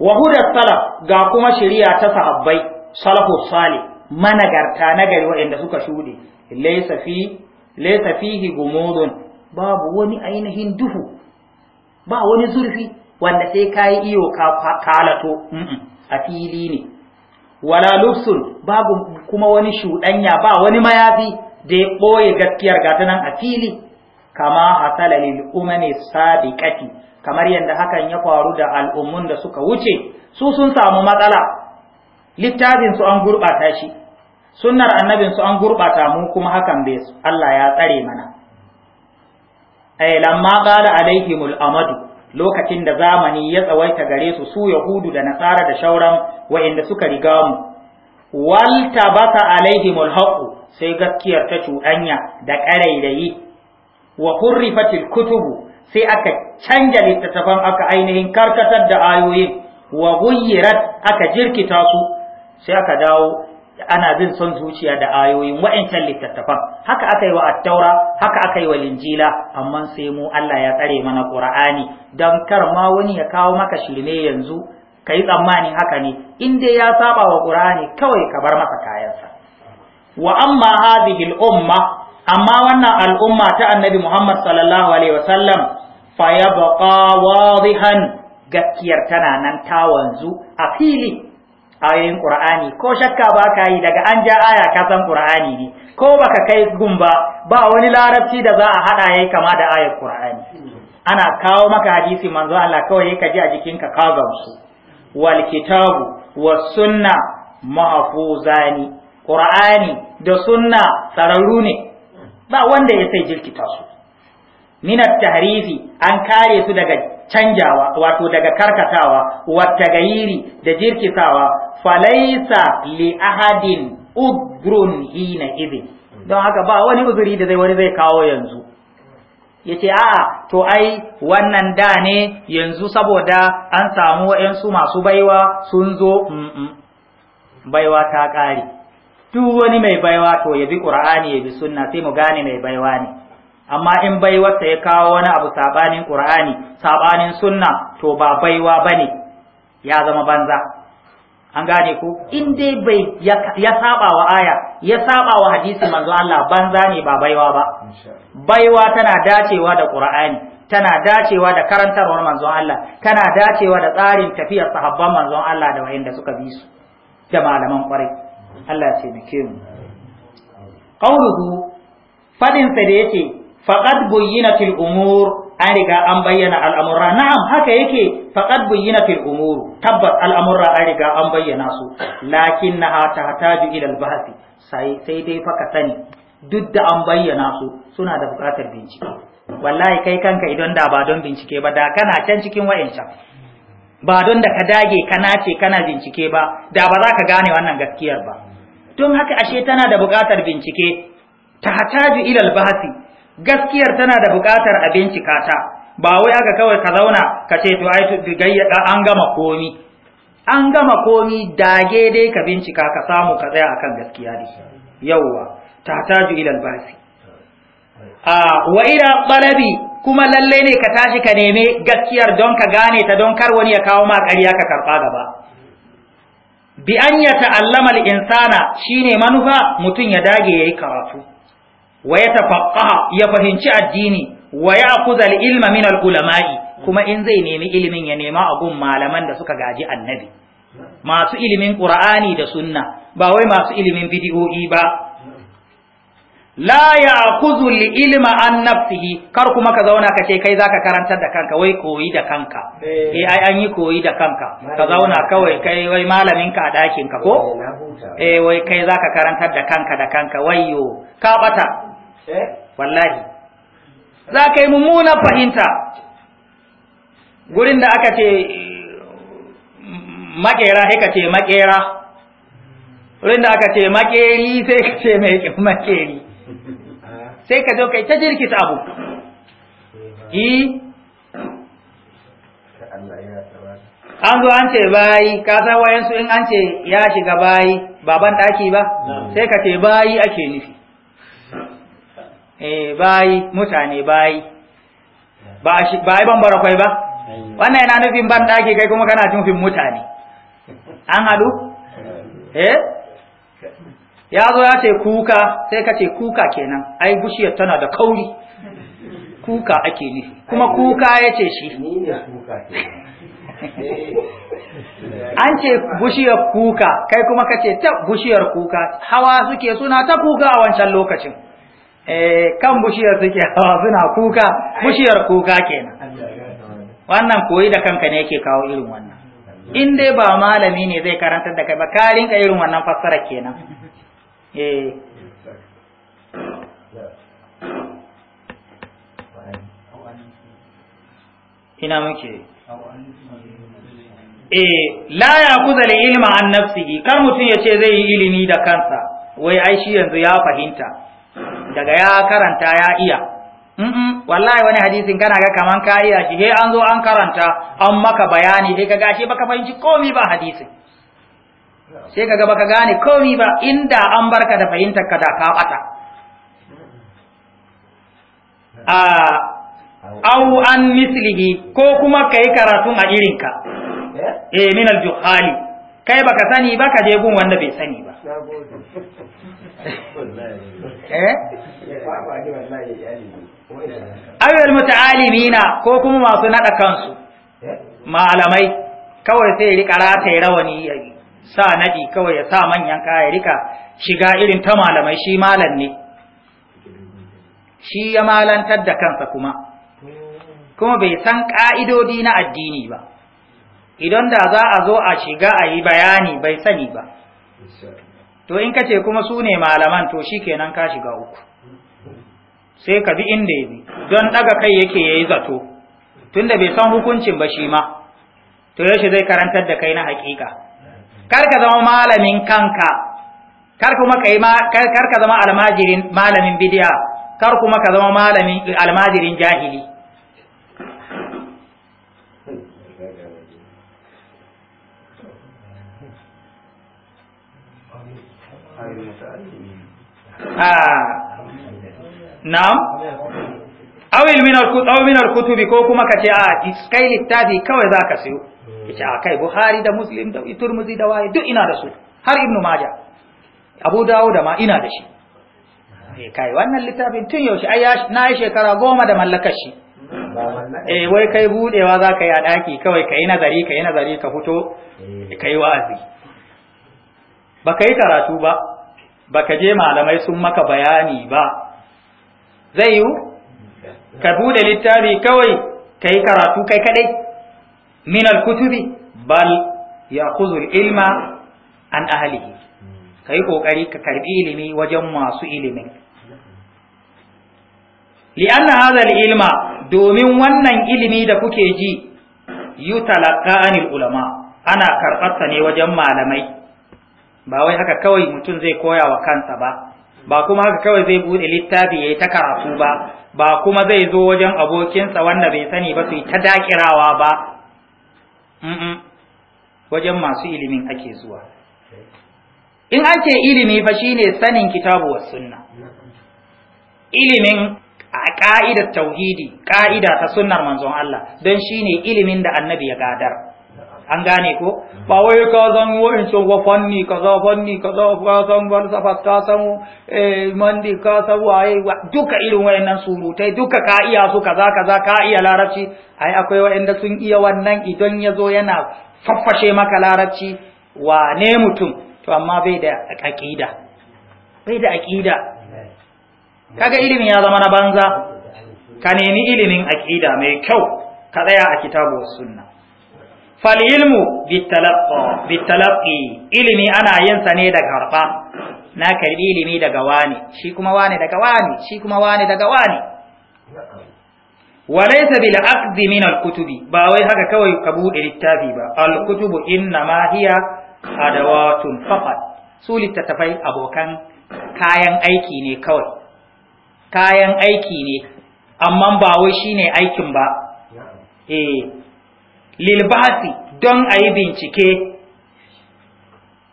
wa salaf ga kuma shari'a ta sahabbai salafu salih managarta nagari waɗanda suka shuɗe laysa fi laysa fihi gumudun babu wani ainihin duhu ba wani zurfi wanda sai kai iyo ka kalato a fili ne wala lubsun babu kuma wani shuɗanya ba wani mayafi da ya ɓoye gaskiyar gatanan a fili kama hasala lil umami sabiqati kamar yadda hakan ya faru da al'ummun da suka wuce su sun samu matsala littafin su an gurɓata shi sunnar annabin su an gurɓata mu kuma hakan bai Allah ya tsare mana ai lamma qala alaihimul amadu lokacin da zamani ya tsawaita gare su su yahudu da nasara da shauran wa'inda suka riga mu wal tabata alaihimul haqu sai gaskiyar ta cuɗanya da ƙarairayi wa hurrifatil kutubu sai aka canja littattafan aka ainihin karkatar da ayoyin wa guyyirat aka jirkita su sai aka dawo ana bin son zuciya da ayoyin wa'ancan littattafan haka aka yi wa attaura haka aka yi wa linjila amma sai mu Allah ya tsare mana qur'ani dan kar ma wani ya kawo maka shirme yanzu ka yi tsammani haka ne in dai ya saba wa qur'ani kawai ka bar masa kayansa wa amma hadhihi al-umma amma wannan al'umma ta annabi Muhammad sallallahu alaihi wasallam fa yabqa wadihan gaskiyar tana nan ta wanzu a fili ayoyin Qur'ani ko shakka ba ka yi daga an ja aya ka san Qur'ani ne ko baka kai gun ba ba wani larabci da za a hada yayi kama da ayar Qur'ani ana kawo maka hadisi manzo Allah kawai ka ji a jikin ka gamsu wal kitabu was sunna mahfuzani Qur'ani da sunna sararru ne ba wanda ya sai jirkita su at tahrifi an kare su daga canjawa wato daga karkatawa wata gayiri da jirkitawa falaisa li ahadin udrun hina idin don haka ba wani uzuri da zai wani zai kawo yanzu yace a'a to ai wannan da ne yanzu saboda an samu wa'yansu masu baiwa sun zo baiwa ta ƙare duk wani mai baiwa to ya bi qur'ani ya bi sunna sai mu gane mai baiwa ne amma in baiwarsa ya kawo wani abu sabanin qur'ani sabanin sunna to ba baiwa bane ya zama banza an gane ko in dai bai ya saba wa aya ya saba wa hadisi manzo Allah banza ne ba baiwa ba baiwa tana dacewa da qur'ani tana dacewa da karantarwar manzon Allah tana dacewa da tsarin tafiyar sahabban manzon Allah da wayanda suka bi su da malaman kwarai Allah ya taimake mu qauluhu fadin sa da yake faqad buyyina fil an riga an bayyana al'amura na'am haka yake faqad buyyina fil umur tabbas al'amura an riga an bayyana su lakinnaha tahtaju ila al-bahth sai sai dai fa ka sani duk da an bayyana su suna da buƙatar bincike wallahi kai kanka idon da ba bincike ba da kana can cikin wayancan ba don da ka dage ka nace kana bincike ba da ba za ka gane wannan gaskiyar ba don haka ashe tana da buƙatar bincike ta hataju ilal bahasi gaskiyar tana da buƙatar a bincika ta ba wai aka kawai ka zauna ka ce to ai an gama komi an gama komi dage dai ka bincika ka samu ka tsaya akan gaskiya ne yawwa ta hataju ilal bahasi a wa ila talabi kuma lalle ne ka tashi ka neme gaskiyar don ka gane ta don kar wani ya kawo ma ƙarya ka karɓa gaba bi an ya ta'allama al'insana shine manufa mutum ya dage yayi karatu wa ya tafaqqaha ya fahimci addini wa ya al ilma min ulama'i kuma in zai nemi ilimin ya nema a gun malaman da suka gaji annabi masu ilimin ƙur'ani da sunna ba wai masu ilimin bidiyo'i ba la ya'khudhu li ilma an nafsihi kar kuma ka zauna ka ce kai zaka karantar da kanka wai koyi da kanka eh ai an yi koyi da kanka ka zauna kawai kai wai malamin ka a dakin ka ko eh, eh wai kai zaka karantar da kanka da kanka wayyo ka bata eh? wallahi za ka yi mummunan fahimta gurin da aka ce makera sai ka ce makera wurin da aka ce makeri sai ka ce mai makeri sai ka zo kai ta ta abu eh an zo an ce bayi ka san wayansu in an ce ya shiga bayi baban daki ba sai ka ce bayi ake nufi eh bayi mutane bayi ba ai ban kai ba wannan yana nufin ban daki kai kuma kana nufin mutane an hadu eh ya zo ya ce kuka sai ka ce kuka kenan ai bushiyar tana da kauri kuka ake nufi kuma kuka ya ce shi an ce bushiyar kuka kai kuma ka ce ta bushiyar kuka hawa suke suna ta kuka a wancan lokacin eh, kan bushiyar suke hawa suna kuka bushiyar kuka kenan wannan koyi da kanka ne yake kawo irin wannan in dai ba malami ne zai karantar da kai ba ka rinka irin wannan fassara kenan eh ina muke eh la ya kuzali ilma an nafsihi kar mutum ya ce zai yi ilimi da kansa wai ai shi yanzu ya fahimta daga ya karanta ya iya mm wallahi wani hadisin kana ga kaman ka iya shi he an zo an karanta an maka bayani he ka gashi baka fahimci komi ba hadisin sai ka gaba ka gane komi ba inda an barka da fahimtar ka da ka bata a au an mislihi ko kuma kai karatun a ka eh, eh min al kai baka sani ba ka je gun wanda bai sani ba <laughs> eh awil muta'alimina ko kuma masu nada kansu eh? malamai kawai sai rika rata rawani sa nadi kawai ya sa manyan kaya rika shiga irin ta malamai shi malam ne shi ya malantar da kansa kuma kuma bai san ka'idodi na addini ba idan da za a zo a shiga a yi bayani bai sani ba to in ka ce kuma su ne malaman to shi kenan ka shiga uku sai ka bi inda ya bi don daga kai yake ya yi zato tunda bai san hukuncin ba shi ma to yaushe zai karantar da kai na hakika kar ka zama malamin kanka kar kuma kai kar ka zama almajirin malamin bid'a kar kuma ka zama malamin almajirin jahili ah na'am awil min al-kutubi ko kuma kace a ah, kai littafi kawai zaka siyo kace hmm. a ah, kai buhari da muslim da turmuzi da wai duk ina da su har ibnu maja abu dawud ma ina da shi eh kai wannan littafin tun yaushe ai na yi shekara goma da mallakar shi eh wai kai budewa zaka yi a daki kawai kai nazari kai nazari ka fito hmm. kai wa'azi baka yi karatu ba baka je malamai sun maka bayani ba zai yiwu ka bude littafi kawai ka yi karatu kai kadai min al-kutubi bal ya al-ilma an ahlihi ka yi kokari ka karbi ilimi wajen masu ilimin li'anna hadha al-ilma domin wannan ilimi da kuke ji yutalaqqa anil ulama ana karbarsa ne wajen malamai ba wai haka kawai mutum zai koya wa kansa ba ba kuma haka kawai zai bude littafi yayi ta karatu ba ba kuma zai zo wajen abokinsa wanda bai sani ba su yi ta dakirawa ba wajen masu ilimin ake zuwa in ake ilimi fa shine sanin kitabu wa sunna ilimin a ƙa'idar tauhidi ƙa'ida ta sunnar manzon Allah don shine ilimin da annabi ya gadar an gane ko ba wai ka san sun wa fanni kaza fanni kaza ka san safa ka san eh, mandi ka san waye duka irin wayannan surutai duka ka iya su kaza kaza ka iya larabci ai akwai wayanda sun iya wannan idan yazo yana faffashe maka larabci wane mutum to amma bai da aqida bai da aqida kaga ilimin ya zama na banza ka nemi ilimin aqida mai kyau ka tsaya a kitabu sunna fal ilmu bitalaqi ilimi ana yin sa ne daga harfa na karbi ilimi daga wani shi kuma wani daga wani shi kuma wani daga wani laysa bil aqdi min al kutubi ba wai haka kawai ka bude littafi ba al kutubu inna ma hiya adawatun faqat su littattafai abokan kayan aiki ne kawai kayan aiki ne amma ba wai shine aikin ba eh lilbahasi don a yi bincike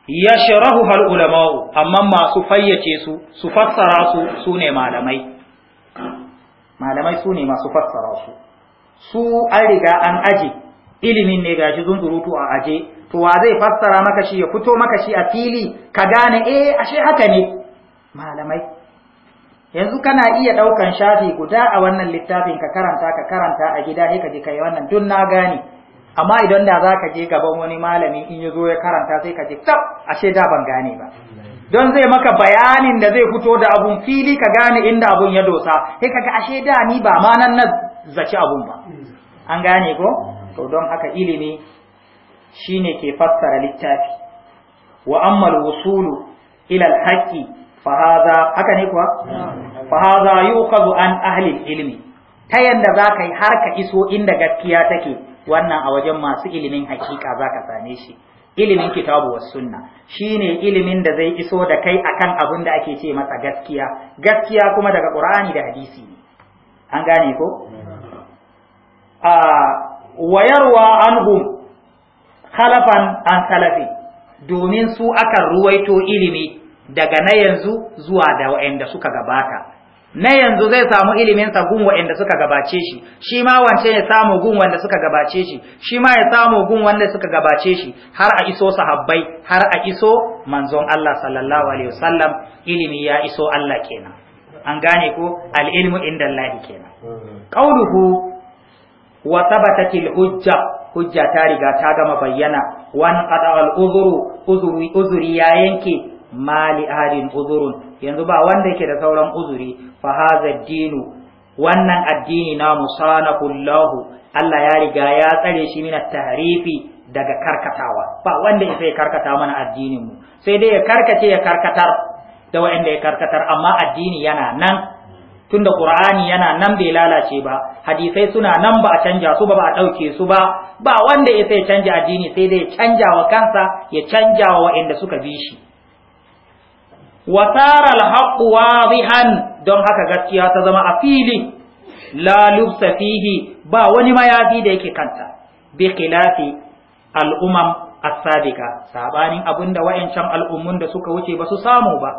ya sharahu hal ulama'u amma masu fayyace su su fassara su su ne malamai malamai su ne masu fassara su su an riga an aje ilimin ne gashi zunzurutu a aje to wa zai fassara maka shi ya fito maka shi a fili ka gane eh ashe haka ne malamai yanzu kana iya daukan shafi guda a wannan littafin ka karanta ka karanta a gida sai ka je kai wannan dun na gane amma idan da za ka je gaban wani malami in ya zo ya karanta sai ka ce tab ashe da ban gane ba don zai maka bayanin da zai fito da abun fili ka gane inda abun ya dosa sai kaga ashe da ni ba ma nan na zaci abun ba an gane ko to don haka ilimi shine ke fassara littafi wa wusulu ila alhaqi fa hadha haka ne kuwa fa hadha yuqadu an ahli ilmi ta yanda zaka yi har ka iso inda gaskiya take wannan a wajen masu ilimin hakika ka same shi ilimin kitabu was sunna shine ilimin da zai iso da kai akan abin da ake ce masa gaskiya gaskiya kuma daga qur'ani da hadisi ne an gane ko a wayarwa anhum khalafan an salafi domin su akan ruwaito ilimi daga na yanzu zuwa da waɗanda suka gabata na yanzu zai samu iliminsa gun waɗanda suka gabace shi shi ma wance ya samu gun wanda suka gabace shi shi ma ya samu gun wanda suka gabace shi har a iso sahabbai har a iso manzon Allah sallallahu alaihi wasallam ilimi ya iso Allah kenan an gane ko al ilmu Allah kenan qauluhu wa tabatatil hujja hujja ta riga ta gama bayyana wan qada al uzuri uzuri ya yanke mali alin uzurun yanzu ba wanda yake da sauran uzuri fa hadha dinu wannan addini na kullahu Allah ya riga ya tsare shi mina tahrifi daga karkatawa ba wanda ya sai karkata mana addinin mu sai dai ya karkace ya karkatar da wanda ya karkatar amma addini yana nan tunda qur'ani yana nan bai lalace ba hadisai suna nan ba a canja su ba ba a ɗauke su ba ba wanda ya sai canja addini sai dai ya canja wa kansa ya canja wa waɗanda suka bi shi wasara alhaq wadihan don haka gaskiya ta zama a fili la lubsa fihi ba wani mayafi da yake kanta bi khilafi al'umam as-sabiqa sabanin abinda wayancan al'ummun da suka wuce ba su samu ba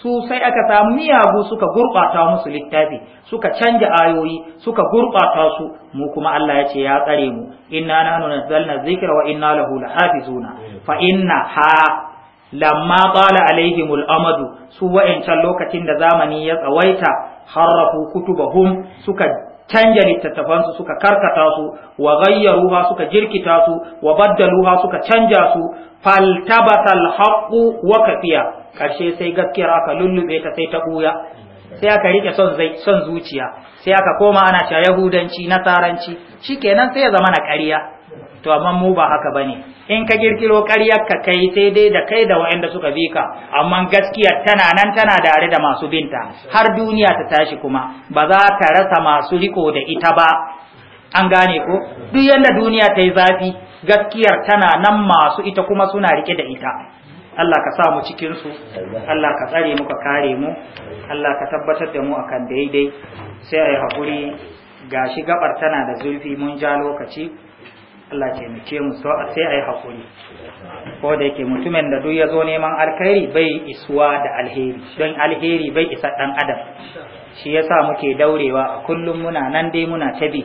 su sai aka samu miyagu suka gurɓata musu littafi suka canja ayoyi suka gurɓata su mu kuma Allah ya ce ya tsare mu inna nanu nazzalna dhikra wa inna lahu lahafizuna fa inna ha lamma bala alaihimul amadu su wa'ancan lokacin da zamani ya tsawaita harrafu kutubahum suka canja littattafansu suka karkata su wa ghayyaruha suka jirkita su wa baddaluha suka canja su faltabatal haqqu wa kafiya karshe sai gaskiyar aka lullube ta sai ta buya sai aka rike son zai son zuciya sai aka koma ana ta yahudanci nasaranci shikenan sai ya zama na ƙarya to amma mu ba haka bane in ka girkiro ƙaryar ka kai sai dai da kai da waɗanda suka bi ka amma gaskiya tana nan tana dare da masu binta har duniya ta tashi kuma ba za ta rasa masu riko da ita ba an gane ko duk yanda duniya ta yi zafi gaskiyar tana nan masu ita kuma suna rike da ita Allah ka sa mu cikinsu, Allah ka tsare mu ka kare mu, Allah ka tabbatar da mu akan daidai, sai a yi gashi gabar tana da zurfi mun ja lokaci, Allah ce mu ce mu sai a yi haƙuri ko da yake mutumin da duk ya zo neman alkhairi bai isuwa da alheri don alheri bai isa ɗan adam shi ya sa muke daurewa a kullum muna nan dai muna tabi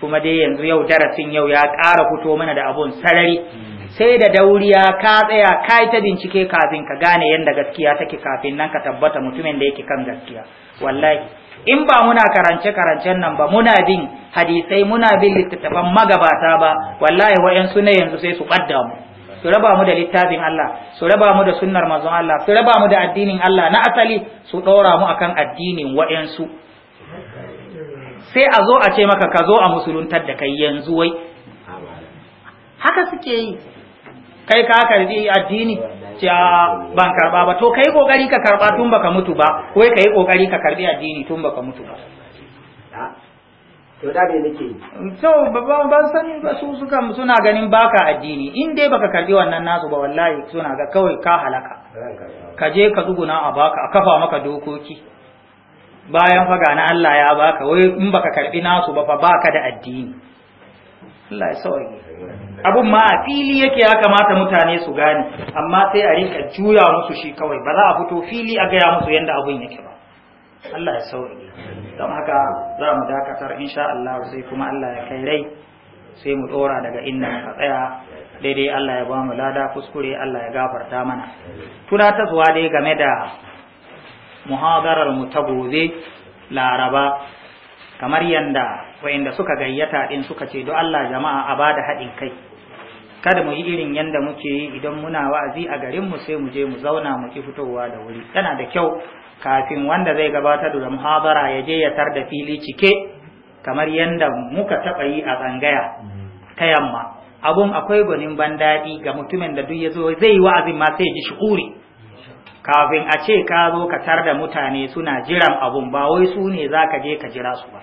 kuma dai yanzu yau darasin yau ya ƙara fito mana da abun sarari sai da dauriya ka tsaya ka yi ta bincike kafin ka gane yadda gaskiya take kafin nan ka tabbata mutumin da yake kan gaskiya wallahi in ba muna karance-karancen nan ba muna bin hadisai muna bin littattafan magabata ba wallahi wa'yansu ne yanzu sai su ɓadda mu su raba mu da littafin Allah su raba mu da sunnar manzon Allah su raba mu da addinin Allah na asali su ɗora mu akan addinin wa'yansu sai a zo a ce maka ka zo a musuluntar da kai yanzu wai haka suke yi kai ka karbi addini ce ban karba ba to kai kokari ka karba tun baka mutu ba wai kai kokari ka karbi addini tun baka mutu ba to da me nake so babban ba sani ba su suka suna ganin baka addini in dai baka karbi wannan nasu ba wallahi suna ga kawai ka halaka ka je ka tsuguna a baka a kafa maka dokoki bayan faga na Allah ya baka wai in baka karbi nasu ba fa baka da addini Allah ya sauke abun ma a fili yake ya kamata mutane su gane amma sai a rinka juya musu shi kawai ba za a fito fili a gaya musu yadda abun yake ba Allah ya sauke don haka za mu dakatar insha Allah sai kuma Allah ya kai rai sai mu dora daga inda muka tsaya daidai Allah ya ba mu lada kuskure Allah ya gafarta mana tunatarwa dai game da muhadarar mu ta gobe laraba kamar yanda wayanda suka gayyata din suka ce do Allah jama'a a bada haɗin kai kada mu yi irin yanda muke yi idan muna wa'azi a garin mu sai mu je mu zauna mu ki fitowa da wuri yana da kyau kafin wanda zai gabatar da muhabara ya je ya tar da fili cike kamar yanda muka taba yi a tsangaya ta yamma abun akwai gwanin ban daɗi ga mutumin da duk ya zo zai yi wa'azin ma sai ji shukuri kafin a ce ka zo ka tar da mutane suna jiran abun ba wai su ne za ka je ka jira su ba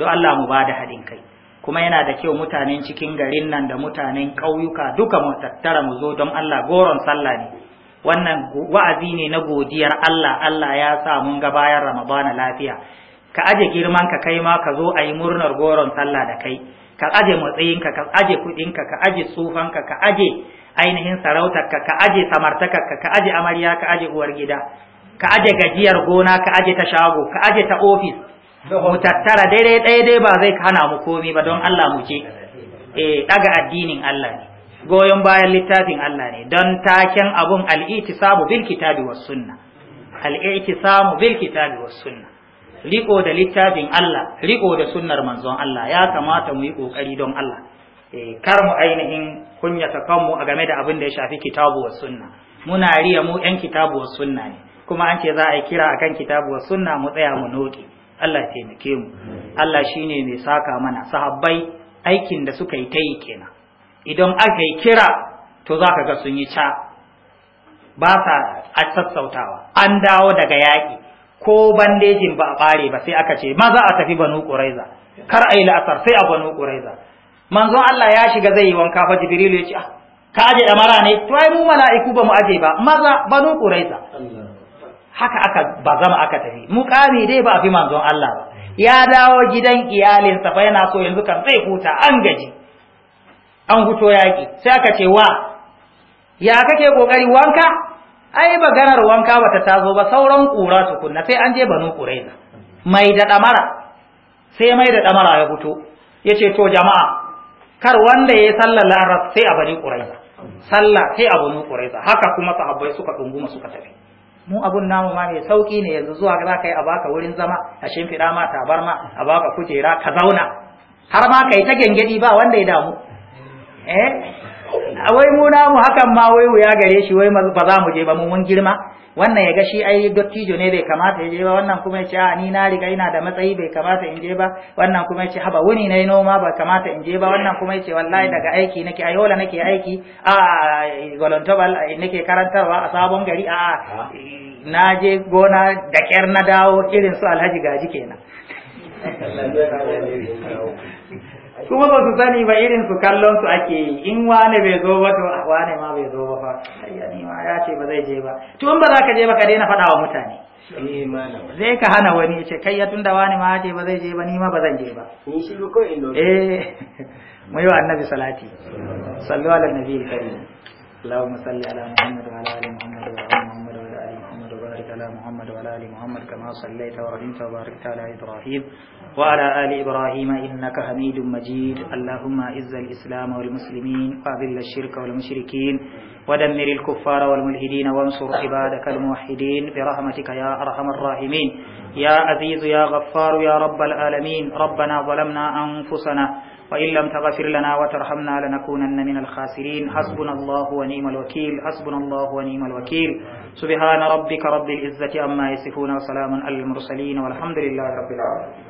don Allah mu ba da haɗin kai kuma yana da kyau mutanen cikin garin nan da mutanen ƙauyuka duka mu tattara mu zo don Allah goron sallah ne wannan wa'azi ne na godiyar Allah Allah ya sa mun ga bayan Ramadana lafiya ka aje girman ka kai ma ka zo a yi murnar goron sallah da kai ka aje matsayinka ka aje kuɗinka ka aje tsufanka ka aje ainihin sarautarka ka aje samartakarka ka aje amarya ka aje uwar gida ka aje gajiyar gona ka aje ta shago ka aje ta ofis mu tattara daidai daidai ba zai hana mu komi ba don Allah mu ce eh daga addinin Allah ne goyon bayan littafin Allah ne don taken abun al'itisabu bil kitabi was sunna al'itisamu bil kitabi was sunna riko da littafin Allah riko da sunnar manzon Allah ya kamata mu yi kokari don Allah eh, kar mu ainihin kunyata kanmu a game da abin da ya shafi kitabu wa sunna muna riya mu yan kitabu wa sunna ne kuma an ce za a yi kira akan kitabu wa sunna mu tsaya mu noke Allah taimake mu Allah shine mai saka mana sahabbai aikin da suka yi ta yi kenan idan aka yi kira to za ka ga sun yi ca ba sa a sassautawa an dawo daga yaƙi ko bandejin ba a ɓare ba sai aka ce maza a tafi banu ƙuraiza kar a yi la'asar sai a banu ƙuraiza manzon Allah ya shiga zai yi wanka fa Jibril ya ce ah, ka aje da mara ne to ai mu mala'iku ba mu aje ba maza banu ƙuraiza haka aka ba zama aka tafi mukami dai ba a fi manzon Allah ba ya dawo gidan iyalinsa fa yana so yanzu kan zai huta an gaji an huto yaƙi sai aka ce wa ya kake kokari wanka ai maganar wanka bata tazo ba sauran ƙura tukunna sai an je banu ƙuraiza mai da damara sai mai da ɗamara ya huto ya to jama'a kar wanda ya salla sallar sai a Banu ƙuraiza sallah sai a Banu ƙuraiza haka kuma sahabbai suka dunguma suka tafi mu abun namu ma mai sauki ne yanzu zuwa za ka yi a baka wurin zama a shimfiɗa ma tabarma a baka kujera ka zauna har ma kai ta gengedi ba wanda ya damu eh wai mu namu hakan ma wai wuya gare shi wai ba za mu je ba mu mun girma wannan ya ga shi ai dottijo ne bai kamata ya je ba wannan kuma ya ce a ni na riga ina da matsayi bai kamata in je ba wannan kuma ya ce haba wuni na noma ba kamata in je ba wannan kuma ya ce wallahi hmm. daga aiki nake a yola nake aiki a volontobal nake karantarwa a sabon gari a na je gona da kyar na dawo irin su alhaji gaji kenan <laughs> su ba su sani ba irin su kallon su ake yi in wane bai zo ba to ah, wane ma bai zo ba fa ni ma ya ce ba zai je ba to in ba za ka je ba ka daina faɗa wa mutane zai ka hana wani ce kai ya tunda wani ma ce ba zai je ba ni ma ba zan je ba ni shi ko eh <laughs> mu yi wa annabi salati sallu ala nabi karim اللهم صل على محمد وعلى ال محمد وعلى محمد وعلى ال محمد وبارك على محمد وعلى ال محمد كما صليت ورحمت وباركت على ابراهيم وعلى آل إبراهيم إنك حميد مجيد اللهم أعز الإسلام والمسلمين وأذل الشرك والمشركين ودمر الكفار والملحدين وانصر عبادك الموحدين برحمتك يا أرحم الراحمين يا عزيز يا غفار يا رب العالمين ربنا ظلمنا أنفسنا وإن لم تغفر لنا وترحمنا لنكونن من الخاسرين حسبنا الله ونعم الوكيل حسبنا الله ونعم الوكيل سبحان ربك رب العزة عما يصفون وسلام على المرسلين والحمد لله رب العالمين